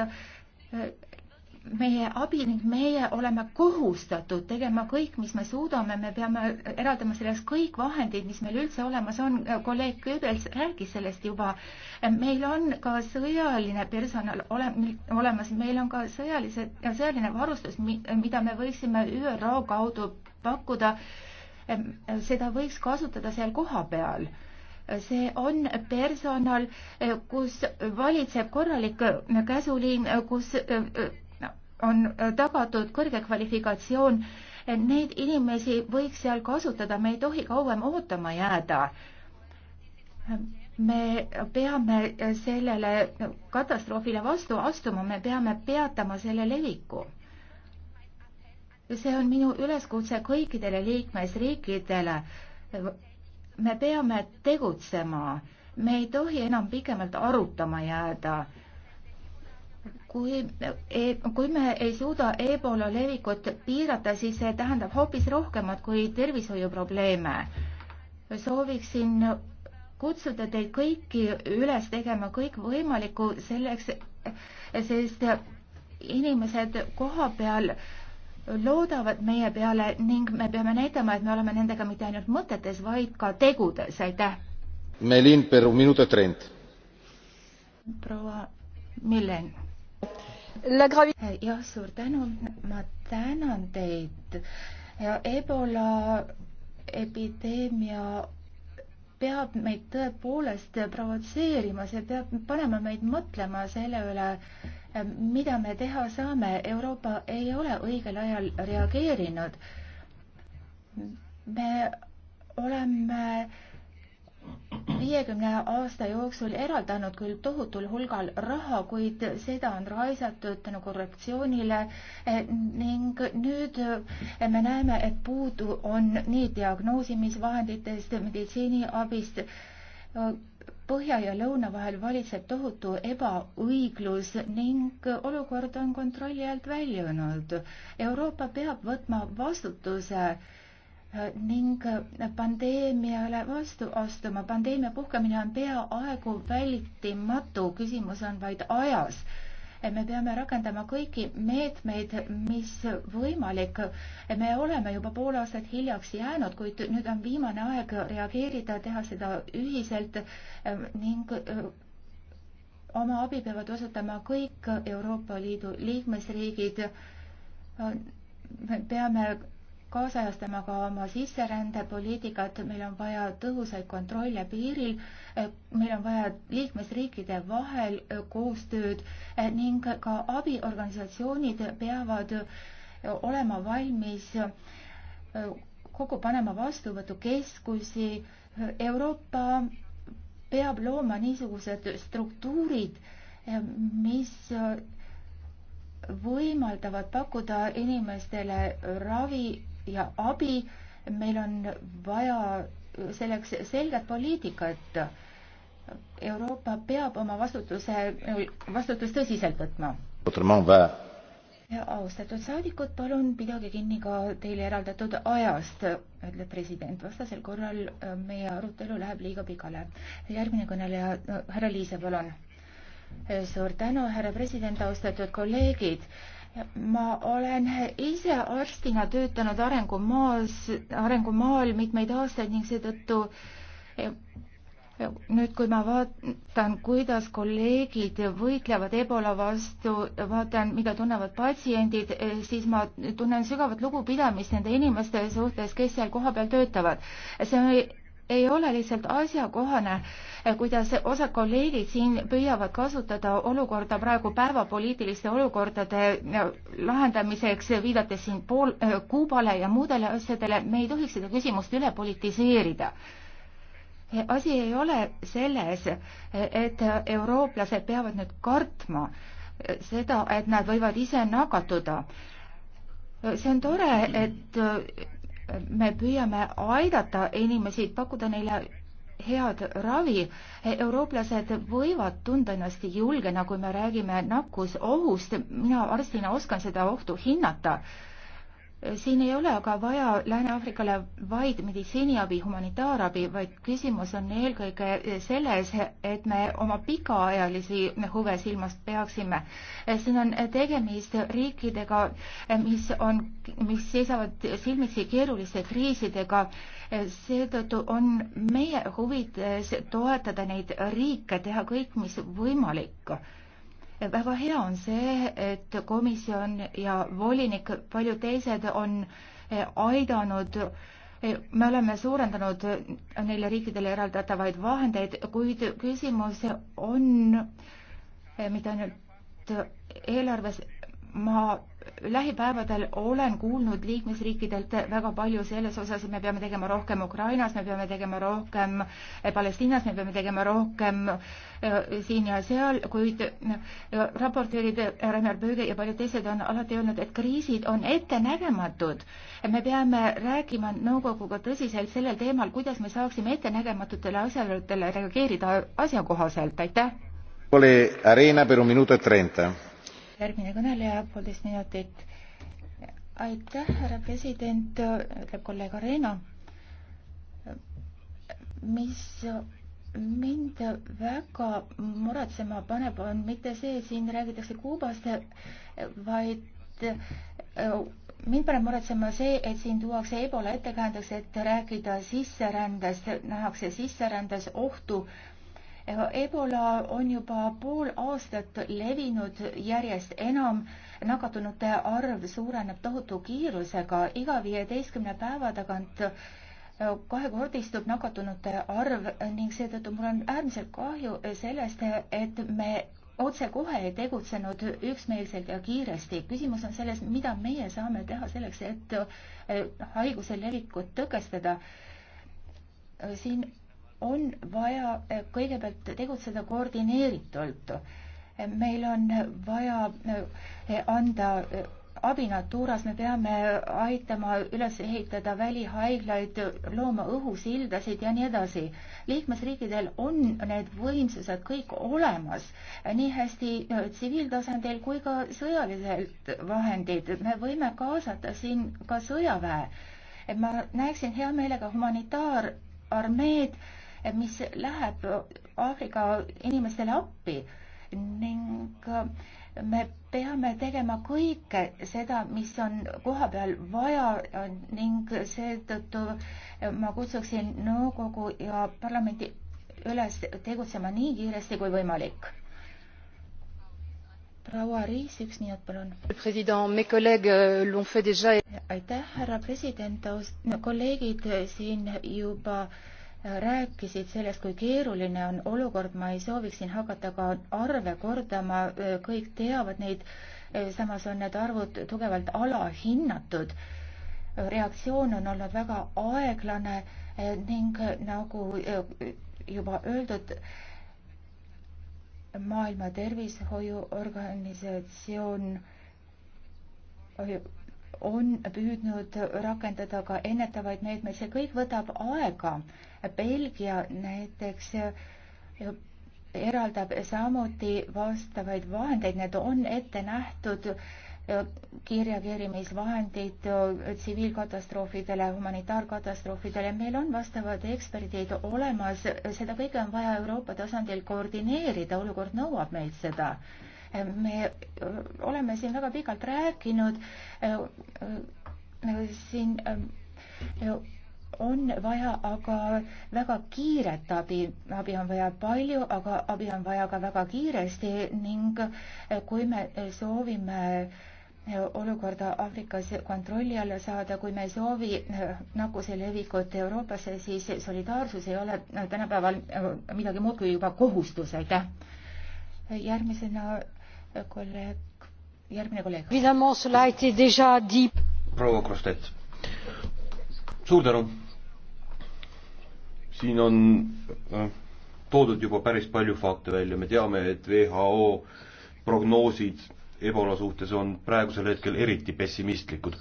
meie abi ning meie oleme kohustatud tegema kõik, mis me suudame, me peame eraldama selleks kõik vahendid, mis meil üldse olemas on, kolleeg Goebbels rääkis sellest juba. meil on ka sõjaline personal ole, olemas, meil on ka sõjalised, sõjaline varustus, mida me võiksime ÜRO kaudu pakkuda. seda võiks kasutada seal kohapeal see on personal, kus valitseb korralik käsuliin, kus on äh, tagatud kõrge kvalifikatsioon, neid inimesi võiks seal kasutada, me ei tohi kauem ootama jääda. me peame sellele katastroofile vastu astuma, me peame peatama selle leviku. see on minu üleskutse kõikidele liikmesriikidele. me peame tegutsema, me ei tohi enam pikemalt arutama jääda kui, e, kui me ei suuda Ebola levikut piirata, siis see tähendab hoopis rohkemat kui tervishoiuprobleeme. sooviksin kutsuda teid kõiki üles tegema kõik võimalikku selleks, sest inimesed koha peal loodavad meie peale ning me peame näitama, et me oleme nendega mitte ainult mõtetes, vaid ka tegudes, aitäh. Melin Peru, minut ja e trend. proua Millen jah, suur tänu, ma tänan teid. Ebola epideemia peab meid tõepoolest provotseerima, see peab panema meid mõtlema selle üle, mida me teha saame. Euroopa ei ole õigel ajal reageerinud. me oleme viiekümne aasta jooksul eraldanud küll tohutul hulgal raha, kuid seda on raisatud tänu korruptsioonile ning nüüd me näeme, et puudu on nii diagnoosimisvahenditest, meditsiiniabist. Põhja ja lõuna vahel valitseb tohutu ebaõiglus ning olukord on kontrolli alt väljunud. Euroopa peab võtma vastutuse ning pandeemiale vastu astuma. pandeemia puhkemine on peaaegu vältimatu, küsimus on vaid ajas. me peame rakendama kõiki meetmeid, mis võimalik. me oleme juba pool aastat hiljaks jäänud, kuid nüüd on viimane aeg reageerida, teha seda ühiselt ehm, ning ehm, oma abi peavad osutama kõik Euroopa Liidu liikmesriigid. me peame kaasajastama ka oma sisserändepoliitikat, meil on vaja tõhusaid kontrolle piiril, meil on vaja liikmesriikide vahel koostööd ning ka abiorganisatsioonid peavad olema valmis kokku panema vastuvõtukeskusi. Euroopa peab looma niisugused struktuurid, mis võimaldavad pakkuda inimestele ravi ja abi. meil on vaja selleks selget poliitikat. Euroopa peab oma vastutuse, vastutust tõsiselt võtma. ja austatud saadikud, palun pidage kinni ka teile eraldatud ajast, ütleb president, vastasel korral äh, meie arutelu läheb liiga pikale. järgmine kõneleja, äh, härra Liise, palun. Äh, suur tänu, härra president, austatud kolleegid ma olen ise arstina töötanud arengumaas, arengumaal mitmeid aastaid ning seetõttu eh, nüüd, kui ma vaatan, kuidas kolleegid võitlevad Ebola vastu, vaatan, mida tunnevad patsiendid, eh, siis ma tunnen sügavat lugupidamist nende inimeste suhtes, kes seal kohapeal töötavad. see ei ole lihtsalt asjakohane, kuidas osad kolleegid siin püüavad kasutada olukorda praegu päevapoliitiliste olukordade äh, lahendamiseks, viidates siin pool, äh, Kuubale ja muudele asjadele, me ei tohiks seda küsimust üle politiseerida asi ei ole selles, et eurooplased peavad nüüd kartma seda, et nad võivad ise nakatuda. see on tore, et me püüame aidata inimesi, pakkuda neile head ravi. eurooplased võivad tunda ennast julgena, kui me räägime nakkusohust. mina arstina oskan seda ohtu hinnata siin ei ole aga vaja Lääne-Aafrikale vaid meditsiiniabi, humanitaarabi, vaid küsimus on eelkõige selles, et me oma pikaajalisi huve silmast peaksime. siin on tegemist riikidega, mis on, mis seisavad silmitsi keeruliste kriisidega. seetõttu on meie huvides toetada neid riike, teha kõik, mis võimalik väga hea on see, et komisjon ja volinik, paljud teised on eh, aidanud eh, me oleme suurendanud neile riikidele eraldatavaid vahendeid, kuid küsimus on eh, mitte ainult eelarves, ma lähipäevadel olen kuulnud liikmesriikidelt väga palju selles osas, et me peame tegema rohkem Ukrainas, me peame tegema rohkem eh, Palestiinas, me peame tegema rohkem eh, siin ja seal, kuid eh, raportöörid Rainer Pööge ja paljud teised on alati öelnud, et kriisid on ettenägematud. me peame rääkima nõukoguga tõsiselt sellel teemal, kuidas me saaksime ettenägematutele asjaoludele reageerida asjakohaselt, aitäh. Arena per un minuto e trenta järgmine kõneleja, poolteist minutit. aitäh, härra president, ütleb kolleeg Arena. mis mind väga muretsema paneb, on mitte see, siin räägitakse Kuubast, vaid mind paneb muretsema see, et siin tuuakse Ebola ettekäändeks, et rääkida sisserändest, nähakse sisserändes ohtu Ebola on juba pool aastat levinud järjest enam, nakatunute arv suureneb tohutu kiirusega, iga viieteistkümne päeva tagant äh, kahekordistub nakatunute arv ning seetõttu mul on äärmiselt kahju sellest, et me otsekohe ei tegutsenud üksmeelselt ja kiiresti. küsimus on selles, mida meie saame teha selleks, et äh, haiguse levikut tõkestada. siin on vaja eh, kõigepealt tegutseda koordineeritult. Eh, meil on vaja eh, anda abi Naturas, me peame aitama üles ehitada välihaiglaid, looma õhusildasid ja nii edasi. liikmesriikidel on need võimsused kõik olemas, nii hästi tsiviiltasandil kui ka sõjaliselt vahendid, me võime kaasata siin ka sõjaväe. ma näeksin hea meelega humanitaararmeed mis läheb Aafrika inimestele appi ning äh, me peame tegema kõike seda, mis on koha peal vaja äh, ning seetõttu äh, ma kutsuksin nõukogu ja parlamenti üles tegutsema nii kiiresti kui võimalik. proua Riis, üks minut, palun. Euh, aitäh, härra president, kolleegid siin juba rääkisid sellest, kui keeruline on olukord, ma ei sooviks siin hakata ka arve kordama, kõik teavad neid, samas on need arvud tugevalt alahinnatud. reaktsioon on olnud väga aeglane ning nagu juba öeldud, Maailma Tervishoiuorganisatsioon on püüdnud rakendada ka ennetavaid meetmeid, see kõik võtab aega Belgia näiteks eh, eraldab samuti vastavaid vahendeid, need on ette nähtud eh, kiirreageerimisvahendid eh, tsiviilkatastroofidele, humanitaarkatastroofidele, meil on vastavad eksperdid olemas, seda kõike on vaja Euroopa tasandil koordineerida, olukord nõuab meilt seda. me oleme siin väga pikalt rääkinud, siin on vaja aga väga kiiret abi, abi on vaja palju, aga abi on vaja ka väga kiiresti ning kui me soovime olukorda Aafrikas kontrolli alla saada, kui me ei soovi nakkuse levikut Euroopasse, siis solidaarsus ei ole tänapäeval midagi muud kui juba kohustus, aitäh. järgmisena kolleeg, järgmine kolleeg. proua Krustet suur tänu. siin on äh, toodud juba päris palju fakte välja, me teame, et WHO prognoosid ebola suhtes on praegusel hetkel eriti pessimistlikud.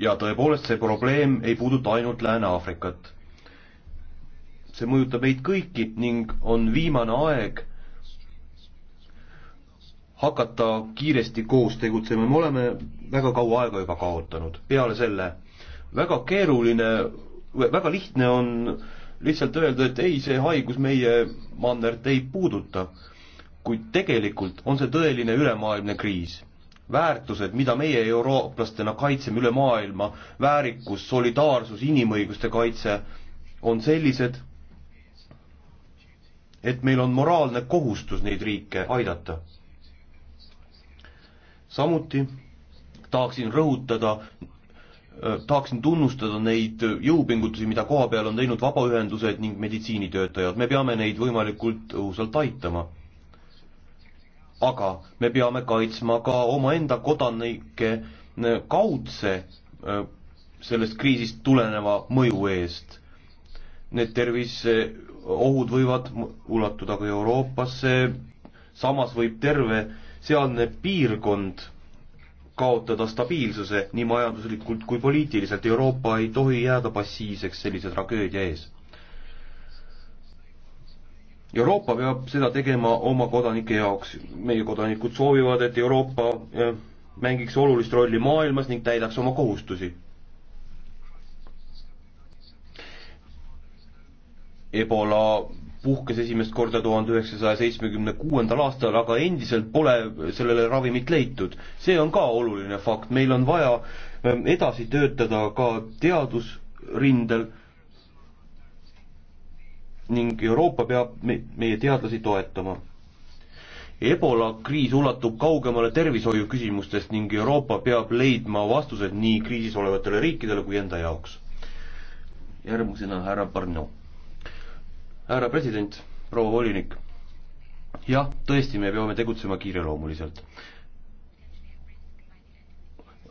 ja tõepoolest, see probleem ei puuduta ainult Lääne-Aafrikat. see mõjutab meid kõiki ning on viimane aeg hakata kiiresti koos tegutsema, me oleme väga kaua aega juba kaotanud, peale selle väga keeruline, väga lihtne on lihtsalt öelda, et ei, see haigus meie mannert ei puuduta. kuid tegelikult on see tõeline ülemaailmne kriis. väärtused, mida meie eurooplastena kaitseme üle maailma, väärikus, solidaarsus, inimõiguste kaitse, on sellised, et meil on moraalne kohustus neid riike aidata samuti tahaksin rõhutada, äh, tahaksin tunnustada neid jõupingutusi, mida koha peal on teinud vabaühendused ning meditsiinitöötajad, me peame neid võimalikult tõhusalt aitama. aga me peame kaitsma ka omaenda kodanike äh, kaudse äh, sellest kriisist tuleneva mõju eest. Need terviseohud võivad ulatuda ka Euroopasse, samas võib terve sealne piirkond kaotada stabiilsuse nii majanduslikult kui poliitiliselt. Euroopa ei tohi jääda passiivseks sellise tragöödia ees. Euroopa peab seda tegema oma kodanike jaoks. meie kodanikud soovivad, et Euroopa eh, mängiks olulist rolli maailmas ning täidaks oma kohustusi Ebola puhkes esimest korda tuhande üheksasaja seitsmekümne kuuendal aastal, aga endiselt pole sellele ravimit leitud. see on ka oluline fakt, meil on vaja ähm, edasi töötada ka teadusrindel ning Euroopa peab meie teadlasi toetama. Ebola kriis ulatub kaugemale tervishoiu küsimustest ning Euroopa peab leidma vastused nii kriisis olevatele riikidele kui enda jaoks. järgmisena härra Barnot härra president, proua volinik. jah, tõesti, me peame tegutsema kiireloomuliselt.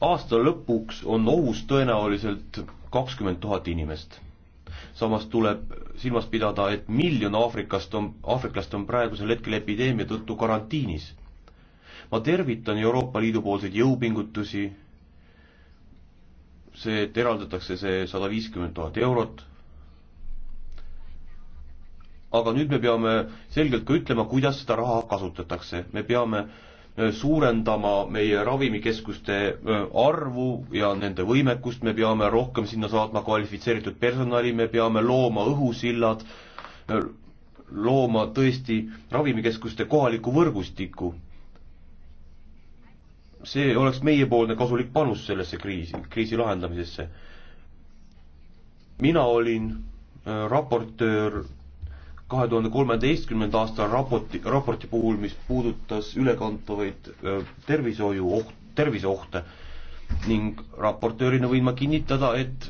aasta lõpuks on ohus tõenäoliselt kakskümmend tuhat inimest. samas tuleb silmas pidada, et miljon Aafrikast on, aafriklast on praegusel hetkel epideemia tõttu karantiinis. ma tervitan Euroopa Liidu poolseid jõupingutusi, see, et eraldatakse see sada viiskümmend tuhat eurot aga nüüd me peame selgelt ka ütlema, kuidas seda raha kasutatakse. me peame äh, suurendama meie ravimikeskuste äh, arvu ja nende võimekust, me peame rohkem sinna saatma kvalifitseeritud personali, me peame looma õhusillad, äh, looma tõesti ravimikeskuste kohaliku võrgustiku. see oleks meiepoolne kasulik panus sellesse kriisi, kriisi lahendamisesse. mina olin raportöör kahe tuhande kolmeteistkümnenda aasta raporti, raporti puhul, mis puudutas ülekantavaid tervishoiu oht, terviseohte ning raportöörina võin ma kinnitada, et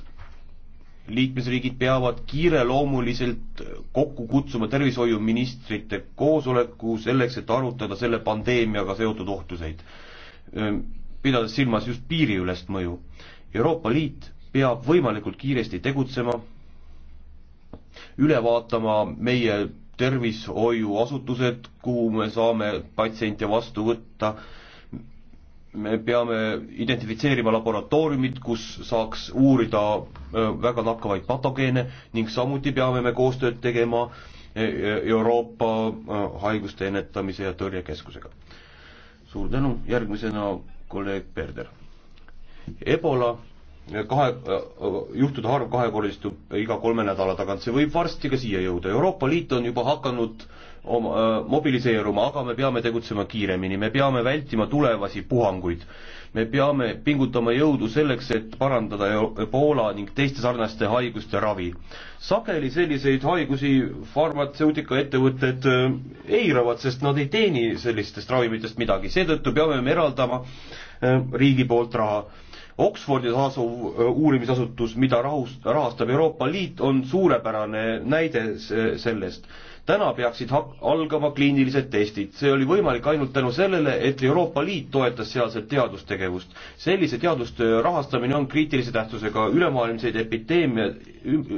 liikmesriigid peavad kiireloomuliselt kokku kutsuma tervishoiuministrite koosoleku selleks, et arutada selle pandeemiaga seotud ohtuseid, pidades silmas just piiriülest mõju. Euroopa Liit peab võimalikult kiiresti tegutsema üle vaatama meie tervishoiuasutused, kuhu me saame patsiente vastu võtta, me peame identifitseerima laboratooriumid, kus saaks uurida äh, väga nakkavaid patogeene ning samuti peame me koostööd tegema äh, Euroopa äh, Haiguste Ennetamise ja Tõrjekeskusega. suur tänu, järgmisena kolleeg Perder. Ebola kahe, juhtude arv kahekordistub iga kolme nädala tagant, see võib varsti ka siia jõuda, Euroopa Liit on juba hakanud oma äh,, mobiliseeruma, aga me peame tegutsema kiiremini, me peame vältima tulevasi puhanguid. me peame pingutama jõudu selleks, et parandada Poola ning teiste sarnaste haiguste ravi. sageli selliseid haigusi farmatseutikaettevõtted äh, eiravad, sest nad ei teeni sellistest ravimitest midagi, seetõttu peame me eraldama äh, riigi poolt raha Oxfordis asuv äh, uurimisasutus, mida rahus, rahastab Euroopa Liit, on suurepärane näide sellest. täna peaksid hak-, algama kliinilised testid, see oli võimalik ainult tänu sellele, et Euroopa Liit toetas sealset teadustegevust. sellise teadustöö rahastamine on kriitilise tähtsusega, ülemaailmseid epideemia,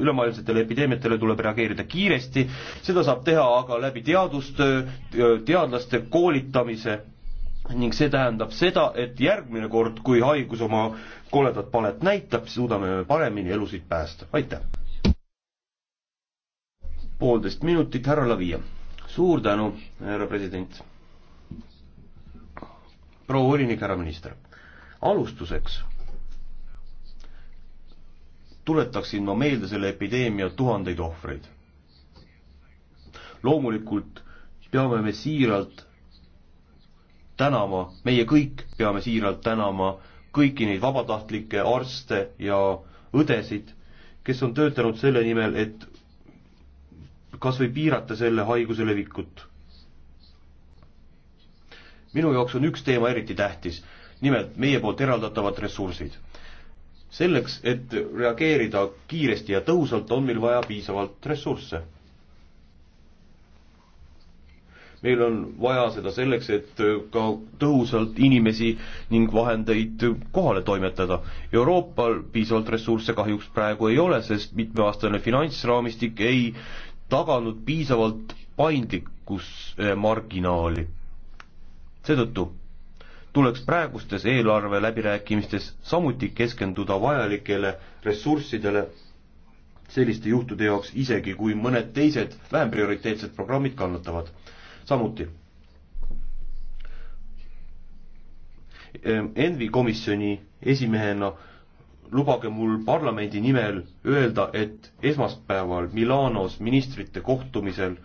ülemaailmsetele epideemiatele tuleb reageerida kiiresti, seda saab teha aga läbi teadustöö, teadlaste koolitamise ning see tähendab seda, et järgmine kord, kui haigus oma koledat palet näitab, suudame me paremini elusid päästa, aitäh. poolteist minutit, härra Lavia. suur tänu, härra president. proua volinik, härra minister. alustuseks tuletaksin ma meelde selle epideemia tuhandeid ohvreid. loomulikult peame me siiralt tänama, meie kõik peame siiralt tänama kõiki neid vabatahtlikke arste ja õdesid, kes on töötanud selle nimel, et kas või piirata selle haiguse levikut. minu jaoks on üks teema eriti tähtis, nimelt meie poolt eraldatavad ressursid. selleks, et reageerida kiiresti ja tõhusalt, on meil vaja piisavalt ressursse meil on vaja seda selleks, et äh, ka tõhusalt inimesi ning vahendeid kohale toimetada. Euroopal piisavalt ressursse kahjuks praegu ei ole, sest mitmeaastane finantsraamistik ei taganud piisavalt paindlikkusmarginaali. seetõttu tuleks praegustes eelarve läbirääkimistes samuti keskenduda vajalikele ressurssidele selliste juhtude jaoks, isegi kui mõned teised vähem prioriteetsed programmid kannatavad samuti. Ehm, Envi komisjoni esimehena lubage mul parlamendi nimel öelda, et esmaspäeval Milanos ministrite kohtumisel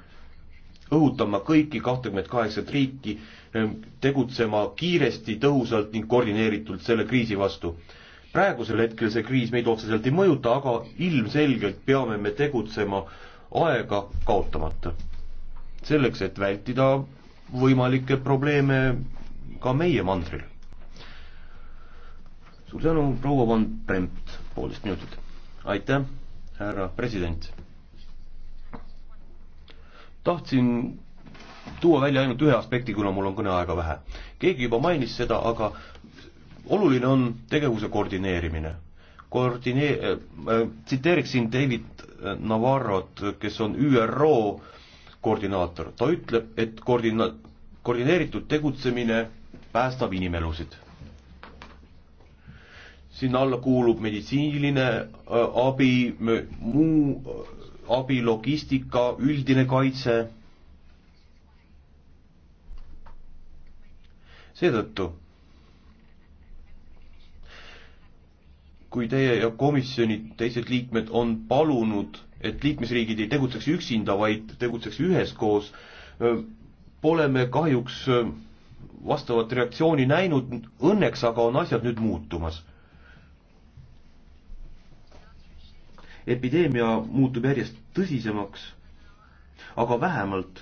õhutan ma kõiki kahtekümmet kaheksat riiki ehm, tegutsema kiiresti, tõhusalt ning koordineeritult selle kriisi vastu praegusel hetkel see kriis meid otseselt ei mõjuta, aga ilmselgelt peame me tegutsema aega kaotamata selleks, et vältida võimalikke probleeme ka meie mandril. suur tänu, proua Van Brempt, poolteist minutit. aitäh, härra president. tahtsin tuua välja ainult ühe aspekti, kuna mul on kõneaega vähe. keegi juba mainis seda, aga oluline on tegevuse koordineerimine. Koordinee- äh,, äh tsiteeriksin David Navarrot, kes on ÜRO äh, koordinaator. ta ütleb, et koordina-, koordineeritud tegutsemine päästab inimelusid. sinna alla kuulub meditsiiniline äh, abi, muu äh, abi, logistika, üldine kaitse. seetõttu kui teie ja komisjoni teised liikmed on palunud et liikmesriigid ei tegutseks üksinda, vaid tegutseks üheskoos, pole me kahjuks vastavat reaktsiooni näinud, õnneks aga on asjad nüüd muutumas. epideemia muutub järjest tõsisemaks, aga vähemalt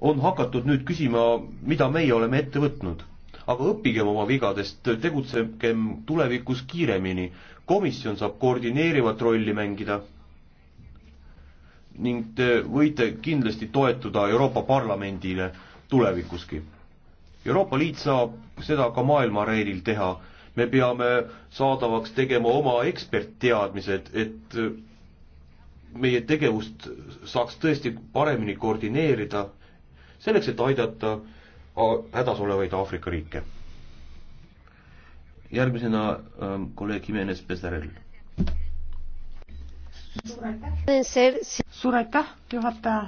on hakatud nüüd küsima, mida meie oleme ette võtnud aga õppigem oma vigadest, tegutsegem tulevikus kiiremini. komisjon saab koordineerivat rolli mängida. ning te võite kindlasti toetuda Euroopa Parlamendile tulevikuski. Euroopa Liit saab seda ka maailma areenil teha. me peame saadavaks tegema oma ekspertteadmised, et meie tegevust saaks tõesti paremini koordineerida, selleks et aidata hädas olevaid Aafrika riike. järgmisena ähm, kolleeg Jimenez Peserel. suur aitäh, juhataja.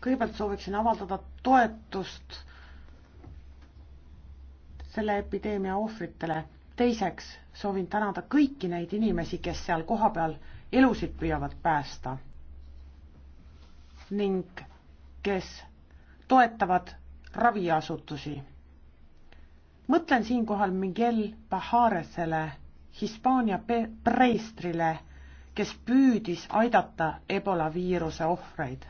kõigepealt sooviksin avaldada toetust selle epideemia ohvritele. teiseks soovin tänada kõiki neid inimesi, kes seal kohapeal elusid püüavad päästa ning kes toetavad raviasutusi. mõtlen siinkohal Miguel Pajaresele, Hispaania preestrile, kes püüdis aidata ebola viiruse ohvreid.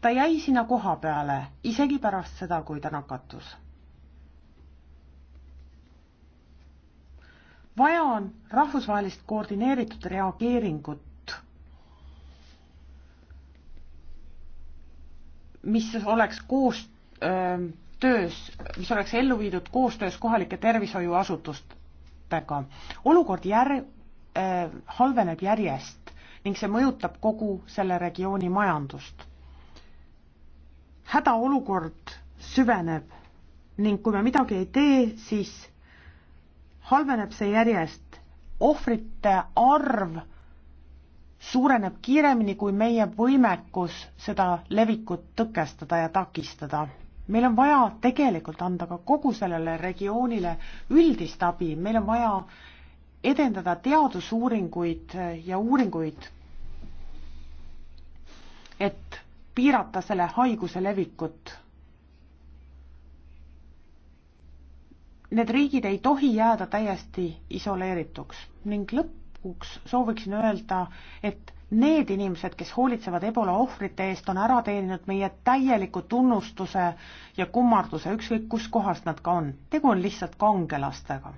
ta jäi sinna koha peale isegi pärast seda, kui ta nakatus vaja on rahvusvahelist koordineeritud reageeringut mis oleks koos öö, töös, mis oleks ellu viidud koostöös kohalike tervishoiuasutustega. olukord jär- äh,, halveneb järjest ning see mõjutab kogu selle regiooni majandust. hädaolukord süveneb ning kui me midagi ei tee, siis halveneb see järjest. ohvrite arv suureneb kiiremini kui meie võimekus seda levikut tõkestada ja takistada. meil on vaja tegelikult anda ka kogu sellele regioonile üldist abi, meil on vaja edendada teadusuuringuid ja uuringuid, et piirata selle haiguse levikut. Need riigid ei tohi jääda täiesti isoleerituks ning lõpp lõpuks sooviksin öelda, et need inimesed, kes hoolitsevad Ebola ohvrite eest, on ära teeninud meie täieliku tunnustuse ja kummarduse, ükskõik kuskohast nad ka on. tegu on lihtsalt kangelastega.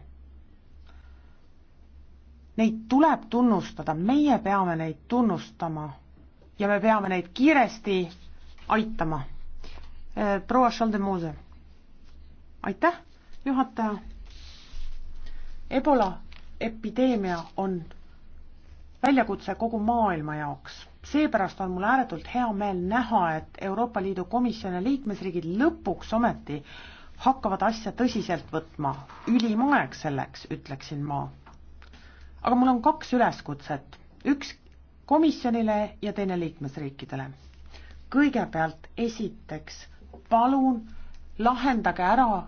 Neid tuleb tunnustada, meie peame neid tunnustama ja me peame neid kiiresti aitama. Eh, proua Schaldemuse, aitäh, juhataja. Ebola epideemia on väljakutse kogu maailma jaoks. seepärast on mul ääretult hea meel näha, et Euroopa Liidu komisjon ja liikmesriigid lõpuks ometi hakkavad asja tõsiselt võtma. ülim aeg selleks, ütleksin ma. aga mul on kaks üleskutset, üks komisjonile ja teine liikmesriikidele. kõigepealt esiteks, palun lahendage ära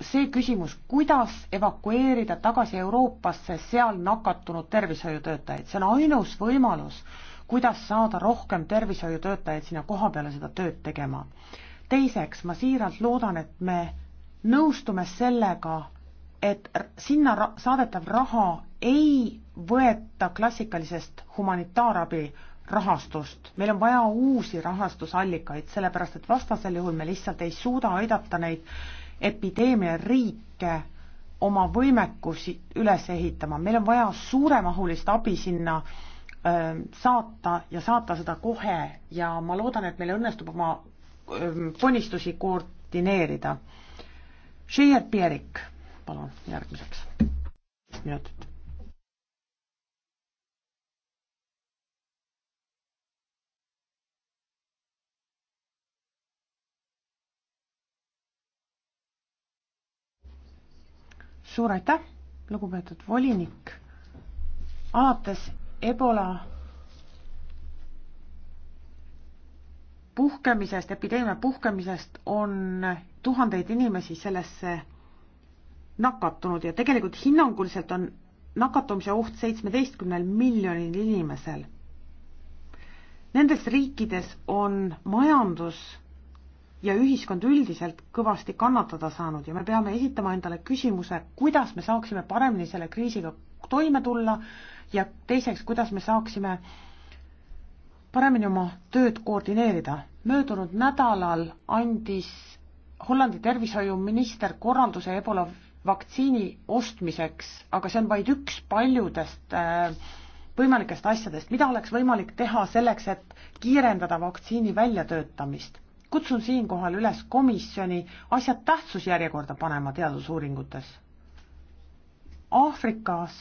see küsimus, kuidas evakueerida tagasi Euroopasse seal nakatunud tervishoiutöötajaid, see on ainus võimalus, kuidas saada rohkem tervishoiutöötajaid sinna koha peale seda tööd tegema. teiseks, ma siiralt loodan, et me nõustume sellega, et sinna ra saadetav raha ei võeta klassikalisest humanitaarabi rahastust, meil on vaja uusi rahastusallikaid, sellepärast et vastasel juhul me lihtsalt ei suuda aidata neid epideemia riike oma võimekusi üles ehitama, meil on vaja suuremahulist abi sinna öö, saata ja saata seda kohe ja ma loodan, et meil õnnestub oma öö, ponnistusi koordineerida. Šeier Pierik, palun järgmiseks minutit suur aitäh, lugupeetud volinik. alates Ebola puhkemisest, epideemia puhkemisest on tuhandeid inimesi sellesse nakatunud ja tegelikult hinnanguliselt on nakatumise oht seitsmeteistkümnel miljonil inimesel. Nendes riikides on majandus ja ühiskond üldiselt kõvasti kannatada saanud ja me peame esitama endale küsimuse, kuidas me saaksime paremini selle kriisiga toime tulla ja teiseks, kuidas me saaksime paremini oma tööd koordineerida. möödunud nädalal andis Hollandi tervishoiuminister korralduse Ebola vaktsiini ostmiseks, aga see on vaid üks paljudest äh, võimalikest asjadest, mida oleks võimalik teha selleks, et kiirendada vaktsiini väljatöötamist kutsun siinkohal üles komisjoni asjad tähtsusjärjekorda panema teadusuuringutes. Aafrikas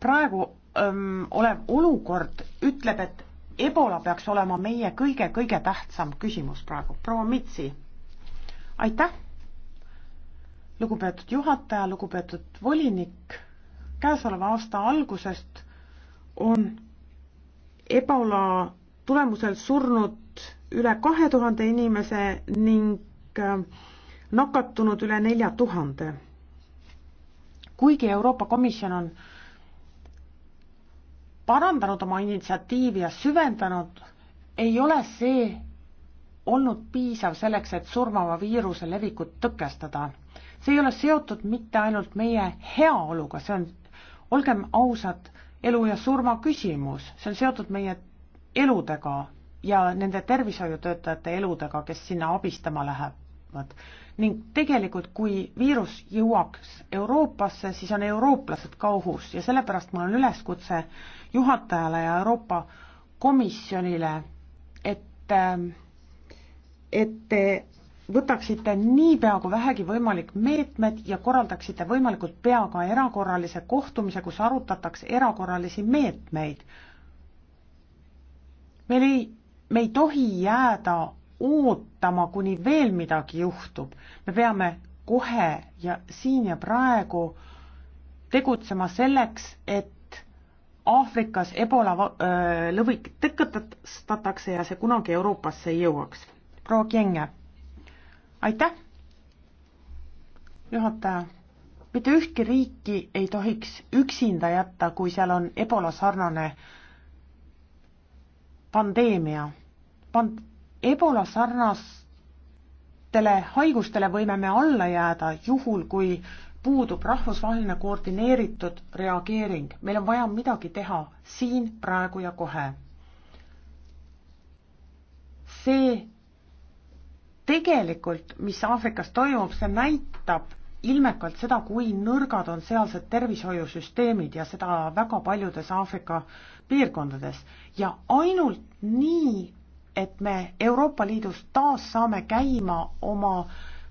praegu öö, olev olukord ütleb, et ebola peaks olema meie kõige-kõige tähtsam küsimus praegu. proua Mitsi, aitäh! lugupeetud juhataja, lugupeetud volinik, käesoleva aasta algusest on ebola tulemusel surnud üle kahe tuhande inimese ning äh, nakatunud üle nelja tuhande. kuigi Euroopa Komisjon on parandanud oma initsiatiivi ja süvendanud, ei ole see olnud piisav selleks, et surmava viiruse levikut tõkestada. see ei ole seotud mitte ainult meie heaoluga, see on, olgem ausad, elu ja surma küsimus, see on seotud meie eludega ja nende tervishoiutöötajate eludega, kes sinna abistama lähevad. ning tegelikult, kui viirus jõuaks Euroopasse, siis on eurooplased ka ohus ja sellepärast mul on üleskutse juhatajale ja Euroopa Komisjonile, et, ähm, et te võtaksite niipea kui vähegi võimalik meetmed ja korraldaksite võimalikult pea ka erakorralise kohtumise, kus arutatakse erakorralisi meetmeid meil ei, me ei tohi jääda ootama, kuni veel midagi juhtub. me peame kohe ja siin ja praegu tegutsema selleks, et Aafrikas ebola öö, lõvik tõkestatakse ja see kunagi Euroopasse ei jõuaks. proua Kienge, aitäh! juhataja, mitte ühtki riiki ei tohiks üksinda jätta, kui seal on ebola sarnane pandeemia. Pand-, ebola sarnastele haigustele võime me alla jääda juhul, kui puudub rahvusvaheline koordineeritud reageering, meil on vaja midagi teha siin, praegu ja kohe. see tegelikult, mis Aafrikas toimub, see näitab, ilmekalt seda, kui nõrgad on sealsed tervishoiusüsteemid ja seda väga paljudes Aafrika piirkondades ja ainult nii, et me Euroopa Liidus taas saame käima oma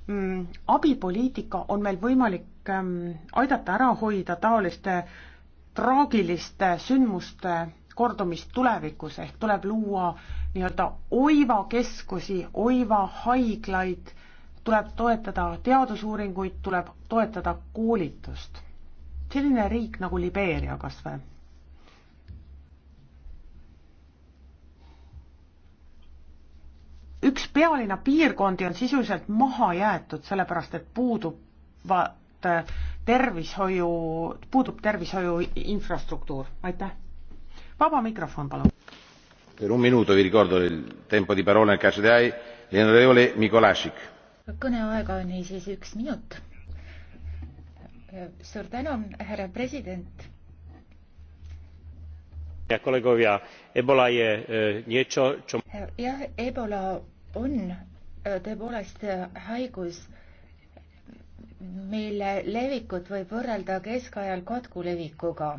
mm, abipoliitika, on meil võimalik mm, aidata ära hoida taoliste traagiliste sündmuste kordumist tulevikus, ehk tuleb luua nii-öelda oiva keskusi, oiva haiglaid tuleb toetada teadusuuringuid, tuleb toetada koolitust. selline riik nagu Libeeria kas või. üks pealinna piirkondi on sisuliselt maha jäetud, sellepärast et puuduvad äh, tervishoiu, puudub tervishoiu infrastruktuur, aitäh. vaba mikrofon, palun. per un minuto vi ricordo il tempo di parole nel caso di onorevole mikolik kõneaega on niisiis üks minut. suur tänu, härra president. E, jah, ebola on e, tõepoolest haigus, mille levikut võib võrrelda keskajal katku levikuga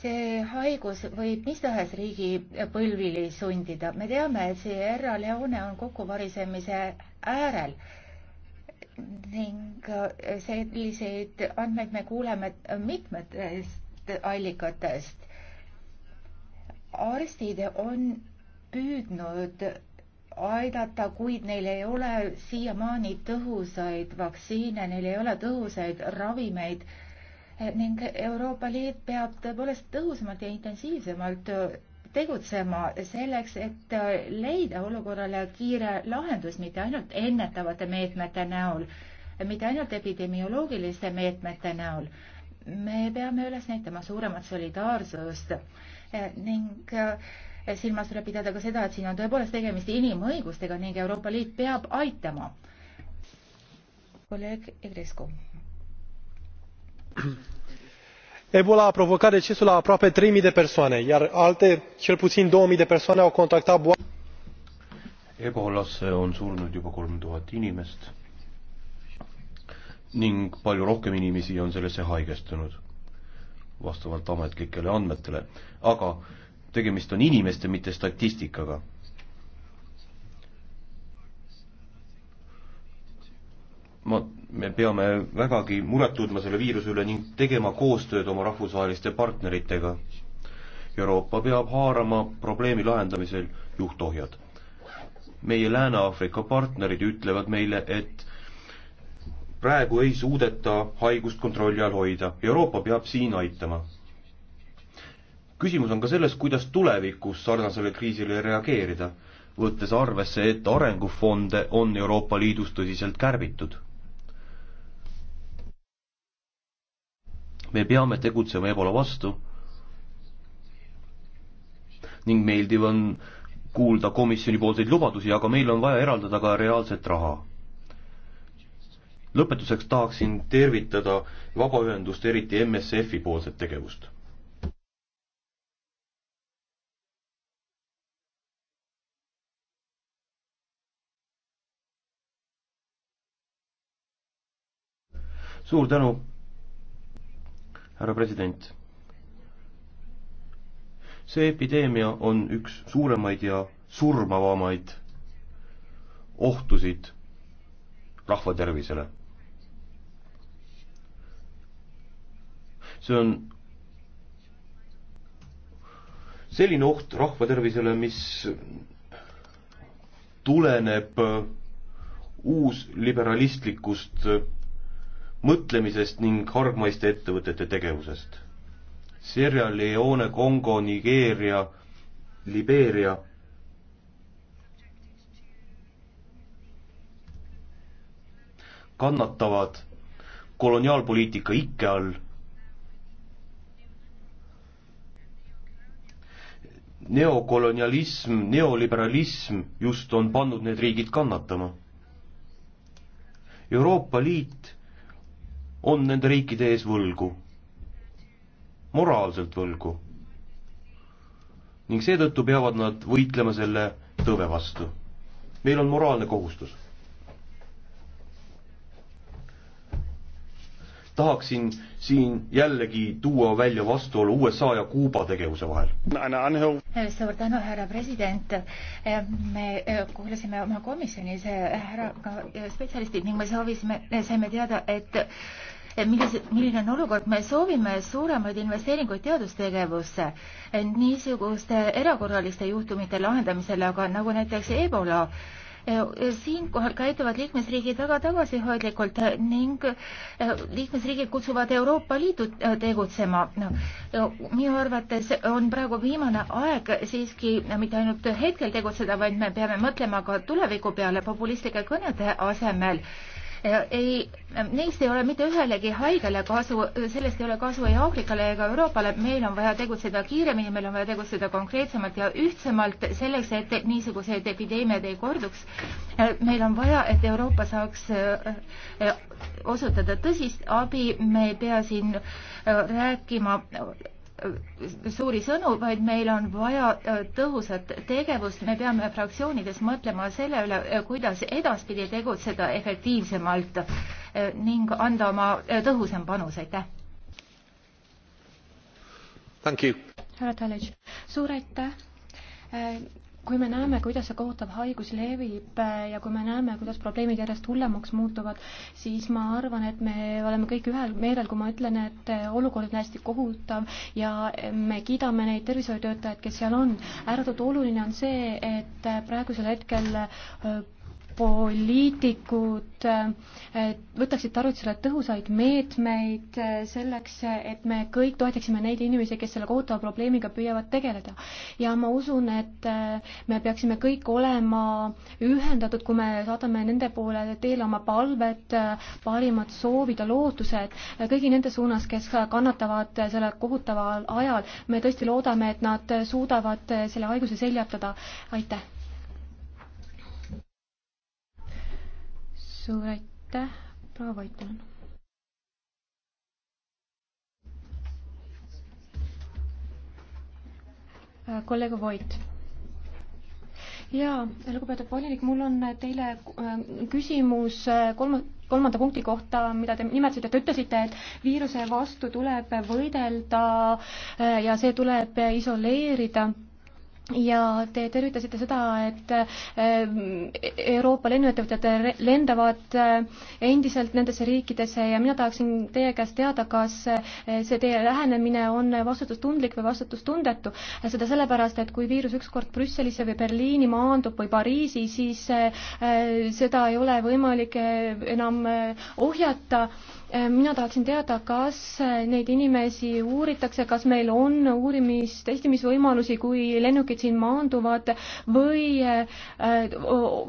see haigus võib mis tahes riigi põlvili sundida. me teame, et Sierra Leone on kokkuvarisemise äärel ning äh, selliseid andmeid me kuuleme mitmetest allikatest. arstid on püüdnud aidata, kuid neil ei ole siiamaani tõhusaid vaktsiine, neil ei ole tõhusaid ravimeid ning Euroopa Liit peab tõepoolest tõhusamalt ja intensiivsemalt äh, tegutsema selleks, et äh, leida olukorrale kiire lahendus, mitte ainult ennetavate meetmete näol, mitte ainult epidemioloogiliste meetmete näol. me peame üles näitama suuremat solidaarsust äh, ning silmas tuleb pidada ka seda, et siin on tõepoolest tegemist inimõigustega ning Euroopa Liit peab aitama. kolleeg Igrisku ebola a provocat decesul a aproape trei mii de persoane iar alte cel puțin două mii de persoane au contactat boala. ebolasse on surnud juba kolm tuhat inimest ning palju rohkem inimesi on sellesse haigestunud vastavalt ametlikele andmetele, aga tegemist on inimeste, mitte statistikaga ma, me peame vägagi muret tundma selle viiruse üle ning tegema koostööd oma rahvusvaheliste partneritega. Euroopa peab haarama probleemi lahendamisel juhtohjad. meie Lääne-Aafrika partnerid ütlevad meile, et praegu ei suudeta haigust kontrolli all hoida, Euroopa peab siin aitama. küsimus on ka selles, kuidas tulevikus sarnasele kriisile reageerida, võttes arvesse, et arengufonde on Euroopa Liidus tõsiselt kärbitud me peame tegutsema Ebola vastu ning meeldiv on kuulda komisjoni poolseid lubadusi, aga meil on vaja eraldada ka reaalset raha. lõpetuseks tahaksin tervitada vabaühendust, eriti MSF-i poolset tegevust. suur tänu härra president. see epideemia on üks suuremaid ja surmavamaid ohtusid rahva tervisele. see on selline oht rahva tervisele, mis tuleneb uusliberalistlikust mõtlemisest ning hargmaiste ettevõtete tegevusest. Sierra Leone, Kongo, Nigeeria, Libeeria kannatavad koloniaalpoliitika ikke all neokolonialism, neoliberalism just on pannud need riigid kannatama. Euroopa Liit on nende riikide ees võlgu, moraalselt võlgu. ning seetõttu peavad nad võitlema selle tõve vastu. meil on moraalne kohustus. tahaksin siin jällegi tuua välja vastuolu USA ja Kuuba tegevuse vahel. suur tänu, härra president. me eh, kuulasime oma komisjonis eh, härra eh, spetsialistid ning me soovisime, saime teada, et millise, milline on olukord, me soovime suuremaid investeeringuid teadustegevusse niisuguste erakorraliste juhtumite lahendamisele, aga nagu näiteks Ebola eh, siinkohal käituvad liikmesriigid väga tagasihoidlikult ning eh, liikmesriigid kutsuvad Euroopa Liidu eh, tegutsema. No, minu arvates on praegu viimane aeg siiski mitte ainult hetkel tegutseda, vaid me peame mõtlema ka tuleviku peale populistlike kõnede asemel ei, neist ei ole mitte ühelegi haigele kasu, sellest ei ole kasu ei Aafrikale ega Euroopale, meil on vaja tegutseda kiiremini, meil on vaja tegutseda konkreetsemalt ja ühtsemalt selleks, et niisugused epideemiad ei korduks. meil on vaja, et Euroopa saaks eh, eh, osutada tõsist abi, me ei pea siin eh, rääkima suuri sõnu, vaid meil on vaja äh, tõhusat tegevust. me peame fraktsioonides mõtlema selle üle, äh, kuidas edaspidi tegutseda efektiivsemalt äh, ning anda oma tõhusam panus, aitäh. härra Talits, suur aitäh kui me näeme, kuidas see kohutav haigus levib äh, ja kui me näeme, kuidas probleemid järjest hullemaks muutuvad, siis ma arvan, et me oleme kõik ühel meelel, kui ma ütlen, et äh, olukord on hästi kohutav ja äh, me kiidame neid tervishoiutöötajaid, kes seal on. ääretult oluline on see, et praegusel hetkel poliitikud võtaksid tarvitusele tõhusaid meetmeid eh, selleks, et me kõik toetaksime neid inimesi, kes selle kohutava probleemiga püüavad tegeleda. ja ma usun, et eh, me peaksime kõik olema ühendatud, kui me saadame nende poole teele oma palved, eh, parimad soovid ja lootused kõigi nende suunas, kes kannatavad sellel kohutaval ajal. me tõesti loodame, et nad suudavad selle haiguse seljatada. aitäh! suur aitäh, proua Voitunen. Äh, kolleeg Voit jaa, lugupeetud volinik, mul on teile äh, küsimus äh, kolm-, kolmanda punkti kohta, mida te nimetasite, te ütlesite, et viiruse vastu tuleb võidelda ja see tuleb isoleerida ja te tervitasite seda, et eh, Euroopa lennuettevõtjad lendavad eh, endiselt nendesse riikidesse ja mina tahaksin teie käest teada, kas eh, see teie lähenemine on vastutustundlik või vastutustundetu. seda sellepärast, et kui viirus ükskord Brüsselisse või Berliini maandub või Pariisi, siis seda ei ole võimalik enam ohjata Äh, mina tahaksin teada, kas äh, neid inimesi uuritakse, kas meil on uurimis, testimisvõimalusi, kui lennukid siin maanduvad või äh,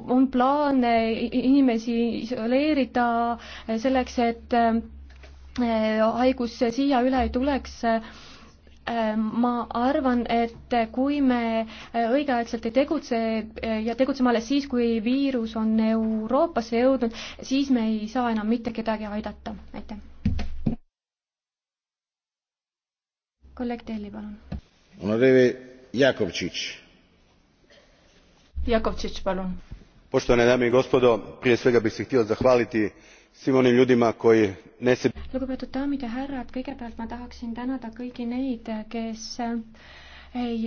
on plaan inimesi isoleerida selleks, et haigus siia üle ei tuleks Äh, ma arvan, et kui me äh, õigeaegselt ei tegutse äh, ja tegutseme alles siis, kui viirus on Euroopasse jõudnud, siis me ei saa enam mitte kedagi aidata. aitäh. kolleeg Telli, palun. Honoreve Jakovtšitš. Jakovtšitš, palun. Poštovane dame i gospodo, prije svega bih se htio zahvaliti svim onim ljudima koji lugupeetud daamid ja härrad kõigepealt ma tahaksin tänada kõiki neid kes ei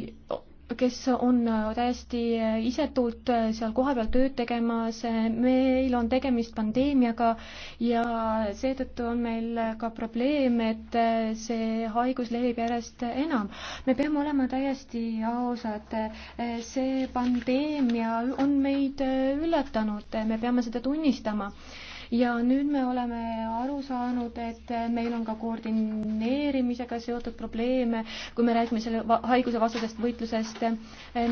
kes on täiesti isetult seal kohapeal tööd tegemas, meil on tegemist pandeemiaga ja seetõttu on meil ka probleem, et see haigus levib järjest enam. me peame olema täiesti ausad, see pandeemia on meid üllatanud, me peame seda tunnistama ja nüüd me oleme aru saanud, et meil on ka koordineerimisega seotud probleeme, kui me räägime selle haiguse vastasest võitlusest.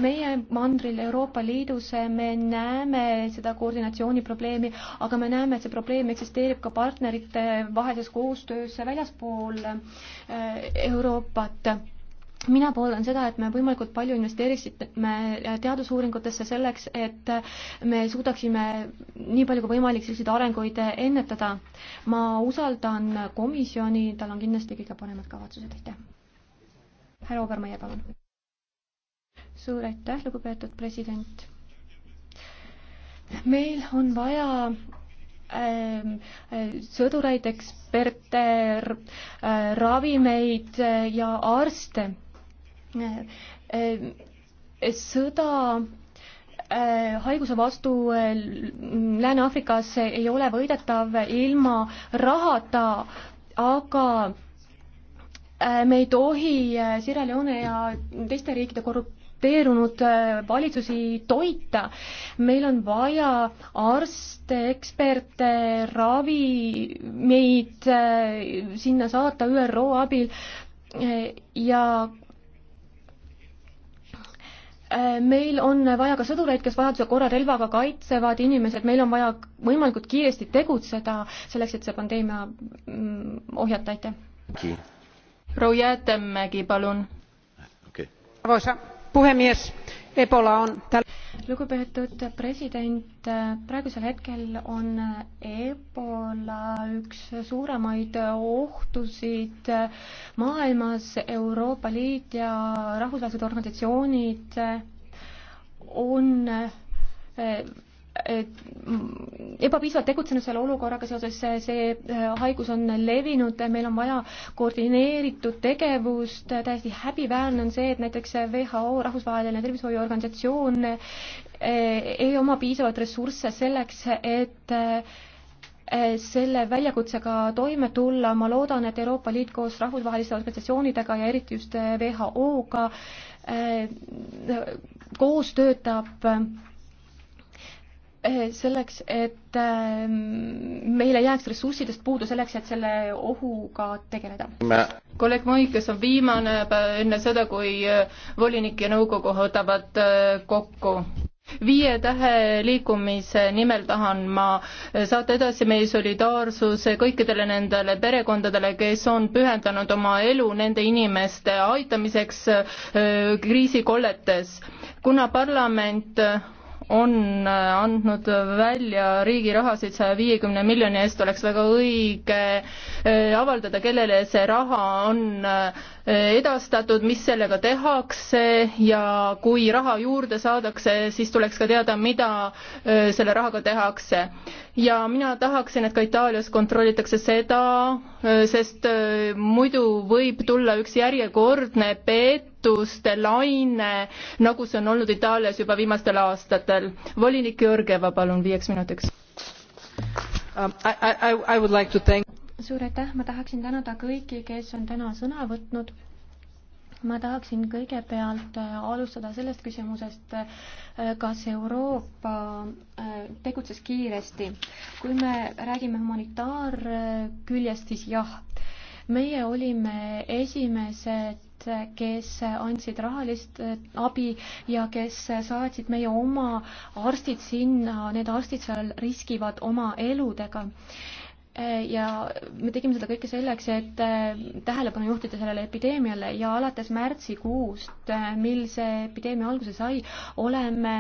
meie mandril Euroopa Liidus me näeme seda koordinatsiooniprobleemi, aga me näeme, et see probleem eksisteerib ka partnerite vahelises koostöös väljaspool äh, Euroopat mina pooldan seda, et me võimalikult palju investeeriksime äh, teadusuuringutesse selleks, et äh, me suudaksime nii palju kui võimalik selliseid arenguid äh, ennetada. ma usaldan komisjoni, tal on kindlasti kõige paremad kavatsused, aitäh. härra Obermeier, palun. suur aitäh, lugupeetud president. meil on vaja ähm, sõdureid, eksperte, ravimeid ja arste Äh, äh, sõda äh, haiguse vastu Lääne-Aafrikas ei ole võidetav ilma rahata, aga me ei tohi Sierra Leone ja teiste riikide korrupteerunud valitsusi toita. meil on vaja arste, eksperte, ravimeid sinna saata ÜRO abil ja meil on vaja ka sõdureid, kes vajaduse korral relvaga kaitsevad inimesed, meil on vaja võimalikult kiiresti tegutseda selleks, et see pandeemia mm, ohjata, aitäh. proua Jäätemägi, palun okay.. arvoisa puhemies, Ebola on lugupeetud president, praegusel hetkel on Ebola üks suuremaid ohtusid maailmas, Euroopa Liit ja rahvusvahelised organisatsioonid on eh, ebapiisavalt tegutsenud selle olukorraga seoses, see äh, haigus on levinud, meil on vaja koordineeritud tegevust, täiesti häbiväärne on see, et näiteks WHO, Rahvusvaheline Tervishoiuorganisatsioon, äh, ei oma piisavalt ressursse selleks, et äh, selle väljakutsega toime tulla, ma loodan, et Euroopa Liit koos rahvusvaheliste organisatsioonidega ja eriti just WHO-ga koos töötab Eh, selleks, et ehm, meil ei jääks ressurssidest puudu selleks, et selle ohuga tegeleda. kolleeg Moik, kes on viimane enne seda, kui eh, volinik ja nõukogu võtavad eh, kokku viie tähe liikumise nimel tahan ma saata edasi meie solidaarsuse kõikidele nendele perekondadele, kes on pühendanud oma elu nende inimeste aitamiseks kriisikolletes. kuna parlament on äh, andnud välja riigi rahasid saja viiekümne miljoni eest, oleks väga õige äh, avaldada, kellele see raha on äh, edastatud, mis sellega tehakse ja kui raha juurde saadakse, siis tuleks ka teada, mida selle rahaga tehakse. ja mina tahaksin, et ka Itaalias kontrollitakse seda, sest muidu võib tulla üks järjekordne pettuste laine, nagu see on olnud Itaalias juba viimastel aastatel. volinik Georgieva, palun, viieks minutiks. Um, I, I, I would like to thank suur aitäh, ma tahaksin tänada kõiki, kes on täna sõna võtnud. ma tahaksin kõigepealt äh, alustada sellest küsimusest, äh, kas Euroopa äh, tegutses kiiresti. kui me räägime humanitaarküljest, siis jah, meie olime esimesed kes andsid rahalist abi ja kes saatsid meie oma arstid sinna, need arstid seal riskivad oma eludega Äh, ja me tegime seda kõike selleks, et äh, tähelepanu juhtida sellele epideemiale ja alates märtsikuust, äh, mil see epideemia alguse sai, oleme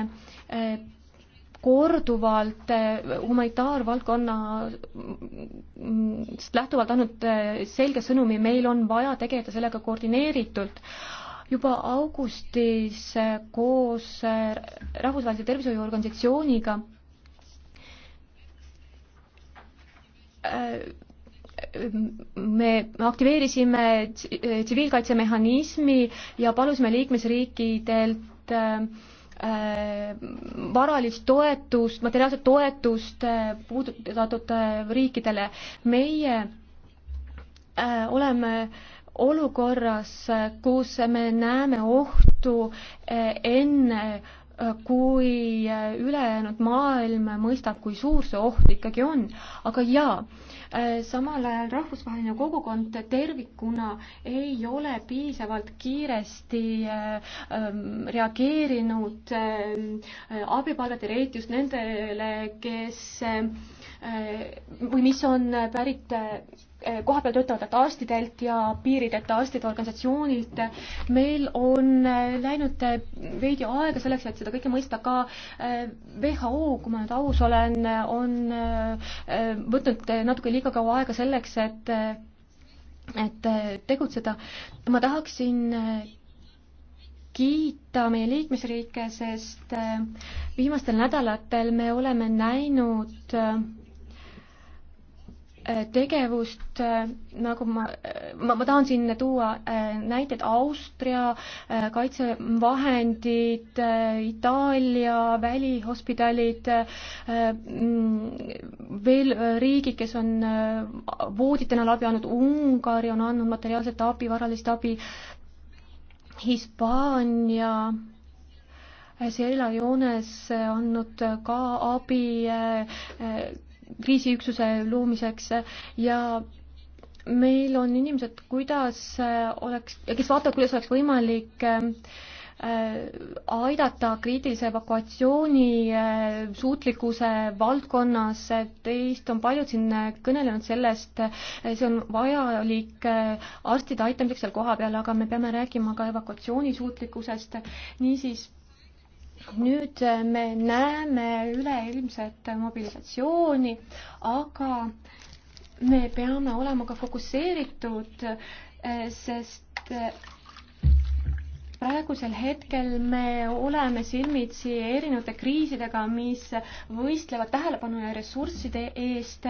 korduvalt humanitaarvaldkonnast mm, lähtuvalt andnud selge sõnumi, meil on vaja tegeleda sellega koordineeritult. juba augustis koos Rahvusvahelise Tervishoiuorganisatsiooniga me aktiveerisime tsiviilkaitsemehhanismi ja palusime liikmesriikidelt äh, äh, varalist toetust, materiaalset toetust äh, puudutatud riikidele. meie oleme olukorras, kus me näeme ohtu enne kui äh, ülejäänud maailm mõistab, kui suur see oht ikkagi on. aga jaa, äh, samal ajal rahvusvaheline kogukond tervikuna ei ole piisavalt kiiresti äh, ähm, reageerinud abipalvete reet just nendele, kes või mis on pärit Eh, kohapeal töötavatelt arstidelt ja piirideta arstide organisatsioonilt. meil on eh, läinud eh, veidi aega selleks, et seda kõike mõista ka WHO, kui ma nüüd aus olen, on võtnud natuke liiga kaua aega selleks, et, et tegutseda. ma tahaksin kiita meie liikmesriike, sest viimastel nädalatel me oleme näinud Äh, tegevust, äh, nagu ma, ma, ma tahan siin tuua äh, näiteid Austria kaitsevahendid, Itaalia välihospidalid, mm, veel riigid, kes on voodite näol abi andnud, Ungari on andnud materiaalset abi, varalist abi, Hispaania Sierra Leones andnud ka abi kriisiüksuse loomiseks ja meil on inimesed, kuidas oleks, kes vaatavad, kuidas oleks võimalik äh, aidata kriitilise evakuatsiooni äh, suutlikkuse valdkonnas, teist on paljud siin kõnelenud sellest, äh, see on vajalik arstide aitamiseks seal kohapeal, aga me peame rääkima ka evakuatsiooni suutlikkusest, niisiis nüüd äh, me näeme üleilmset mobilisatsiooni, aga me peame olema ka fokusseeritud, äh, sest äh, praegusel hetkel me oleme silmitsi erinevate kriisidega, mis võistlevad tähelepanu ja ressursside eest.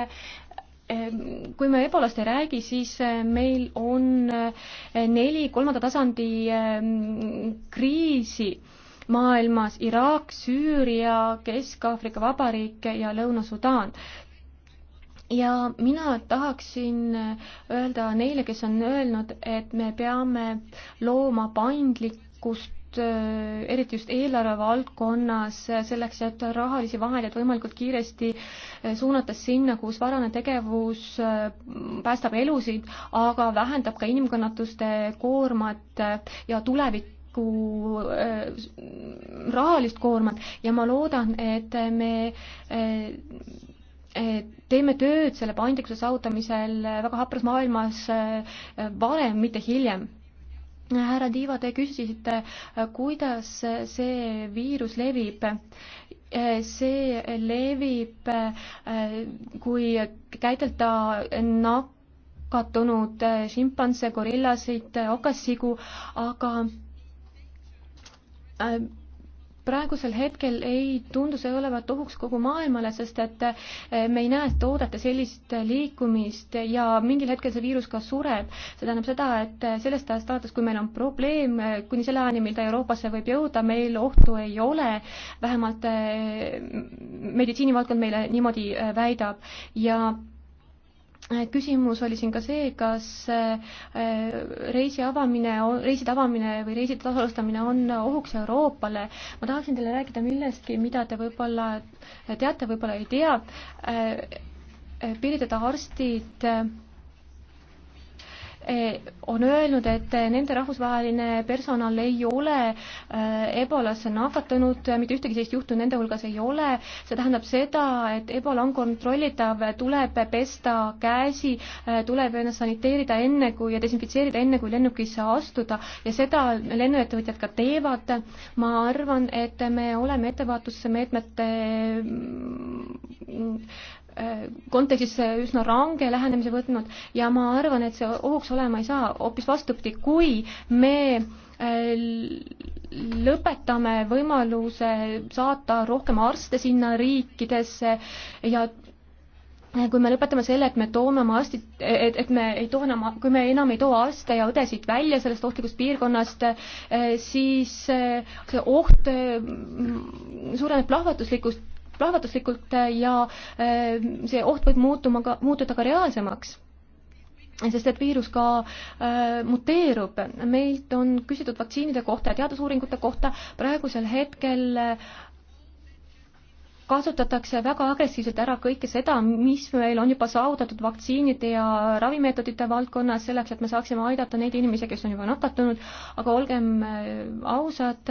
kui me Ebolast ei räägi, siis meil on neli kolmanda tasandi kriisi maailmas Iraak, Süüria, Kesk-Aafrika Vabariik ja Lõuna-Sudaan ja mina tahaksin öelda neile, kes on öelnud, et me peame looma paindlikkust, äh, eriti just eelarve valdkonnas, selleks, et rahalisi vahendeid võimalikult kiiresti äh, suunata sinna, kus varane tegevus äh, päästab elusid, aga vähendab ka inimkannatuste koormat ja tulevik, majanduslikku nagu, äh, rahalist koormat ja ma loodan, et me äh, äh, teeme tööd selle paindlikkuse saavutamisel väga hapras maailmas varem, mitte hiljem härra Tiiva, te küsisite, kuidas see viirus levib. see levib, kui käidelda nakatunud šimpanse, gorillasid, okasigu, aga Äh, praegusel hetkel ei tundu see olevat ohuks kogu maailmale, sest et äh, me ei näe toodete sellist liikumist ja mingil hetkel see viirus ka sureb. see tähendab seda, et äh, sellest ajast alates, kui meil on probleem, kuni selle ajani, mil ta Euroopasse võib jõuda, meil ohtu ei ole, vähemalt meditsiinivaldkond meile niimoodi väidab ja Äh, küsimus oli siin ka see, kas äh, reisi avamine, reiside avamine või reiside tasalustamine on ohuks Euroopale. ma tahaksin teile rääkida millestki, mida te võib-olla teate, võib-olla ei tea. Äh, piiri taga arstid Eh, on öelnud, et nende rahvusvaheline personal ei ole eh, ebolasse nakatunud, mitte ühtegi sellist juhtu nende hulgas ei ole. see tähendab seda, et ebola on kontrollitav, tuleb pesta käsi, eh, tuleb ennast saniteerida enne kui ja desinfitseerida enne kui lennukisse astuda ja seda lennuettevõtjad ka teevad. ma arvan, et me oleme ettevaatusmeetmete mm, Äh, kontekstis äh, üsna range lähenemise võtnud ja ma arvan, et see ohuks olema ei saa, hoopis vastupidi, kui me äh, lõpetame võimaluse saata rohkem arste sinna riikidesse ja kui me lõpetame selle, et me toome oma arstid, et, et me ei too enam, kui me enam ei too arste ja õdesid välja sellest ohtlikust piirkonnast, siis see oht suureneb plahvatuslikust plahvatuslikult ja eh, see oht võib muutuma ka, muutuda ka reaalsemaks sest et viirus ka äh, muteerub. meilt on küsitud vaktsiinide kohta ja teadusuuringute kohta. praegusel hetkel äh, kasutatakse väga agressiivselt ära kõike seda, mis meil on juba saavutatud vaktsiinide ja ravimeetodite valdkonnas, selleks et me saaksime aidata neid inimesi, kes on juba nakatunud, aga olgem ausad,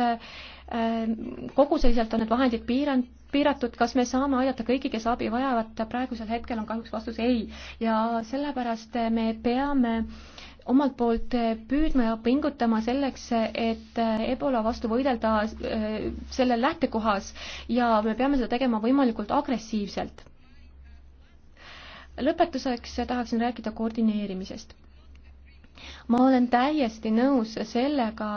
koguseliselt on need vahendid piiranud piiratud, kas me saame aidata kõiki, kes abi vajavad, praegusel hetkel on kahjuks vastus ei. ja sellepärast me peame omalt poolt püüdma ja pingutama selleks, et Ebola vastu võidelda äh, selle lähtekohas ja me peame seda tegema võimalikult agressiivselt. lõpetuseks tahaksin rääkida koordineerimisest ma olen täiesti nõus sellega,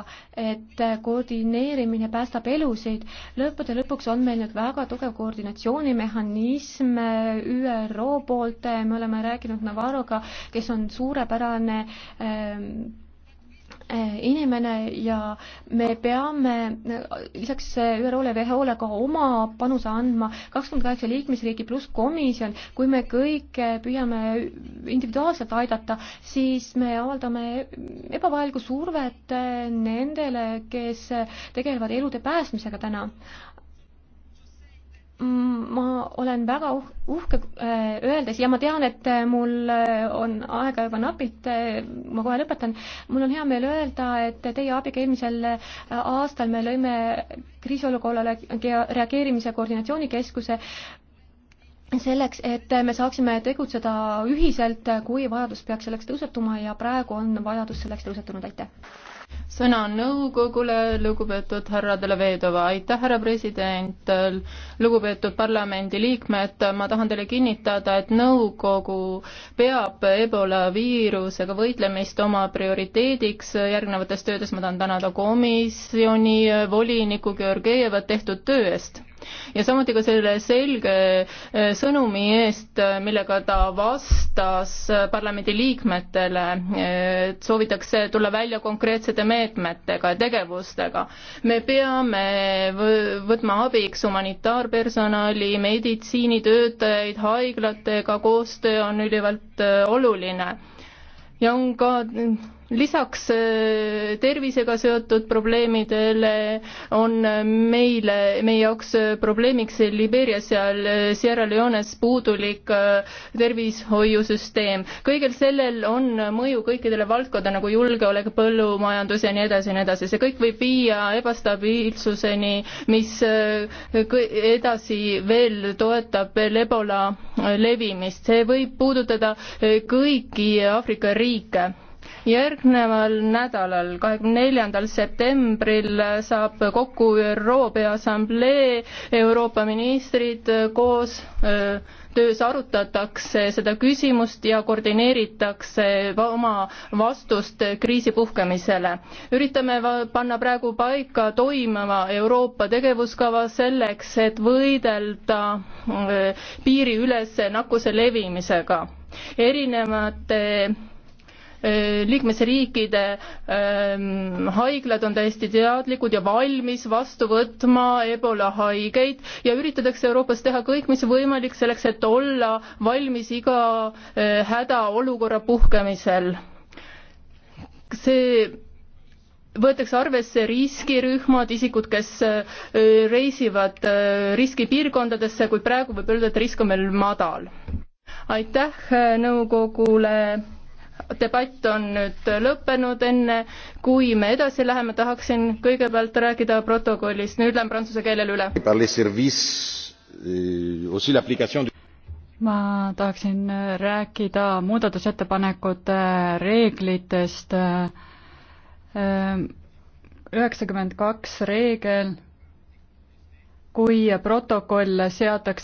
et koordineerimine päästab elusid. lõppude lõpuks on meil nüüd väga tugev koordinatsioonimehhanism ÜRO poolt, me oleme rääkinud Navarroga, kes on suurepärane ähm, Eh, inimene ja me peame lisaks ÜRO-le ja WHO-le ka oma panuse andma, kakskümmend kaheksa liikmesriigi pluss komisjon, kui me kõik püüame individuaalselt aidata, siis me avaldame ebavajalikku survet eh, nendele, kes tegelevad elude päästmisega täna. Mm, ma olen väga uh uhke äh, öeldes ja ma tean, et äh, mul äh, on aega juba napilt, ma kohe lõpetan, mul on hea meel öelda, et teie abiga eelmisel aastal me lõime kriisiolukorrale reageerimise koordinatsioonikeskuse selleks, et me saaksime tegutseda ühiselt, kui vajadus peaks selleks tõusetuma ja praegu on vajadus selleks tõusetunud, aitäh! sõna on nõukogule, lugupeetud härra Delevedova, aitäh, härra president, lugupeetud parlamendiliikmed, ma tahan teile kinnitada, et nõukogu peab Ebola viirusega võitlemist oma prioriteediks, järgnevates töödes ma tahan tänada komisjoni volinikku Georgievat tehtud töö eest ja samuti ka selle selge eh, sõnumi eest, eh, millega ta vastas eh, parlamendiliikmetele, et soovitakse tulla välja konkreetsete meetmetega ja tegevustega. me peame võtma abiks humanitaarpersonali, meditsiinitöötajaid, haiglatega, koostöö on ülivalt oluline ja on ka lisaks äh, tervisega seotud probleemidele on äh, meile, meie jaoks äh, probleemiks Liberias ja Sierra Leones puudulik tervishoiusüsteem. kõigel sellel on mõju kõikidele valdkonda nagu julgeolek, põllumajandus ja nii edasi ja nii edasi. see kõik võib viia ebastabiilsuseni, mis edasi veel toetab veel ebola levimist. see võib puudutada kõiki Aafrika riike järgneval nädalal, kahekümne neljandal septembril saab kokku ÜRO Peaassamblee, Euroopa ministrid koos töös arutatakse seda küsimust ja koordineeritakse oma vastust kriisi puhkemisele. üritame panna praegu paika toimiva Euroopa tegevuskava selleks, et võidelda piiriülese nakkuse levimisega erinevate Äh, liikmesriikide ähm, haiglad on täiesti teadlikud ja valmis vastu võtma ebola haigeid ja üritatakse Euroopas teha kõik, mis võimalik selleks, et olla valmis iga äh, hädaolukorra puhkemisel. see võetakse arvesse riskirühmad, isikud, kes äh, reisivad äh, riskipiirkondadesse, kuid praegu võib öelda, et risk on meil madal. aitäh nõukogule debatt on nüüd lõppenud, enne kui me edasi läheme, tahaksin kõigepealt rääkida protokollist, nüüd lähen prantsuse keelele üle. Euh, ma tahaksin rääkida muudatusettepanekute reeglitest. Äh, äh, üheksakümmend kaks reegel, kui protokoll seatakse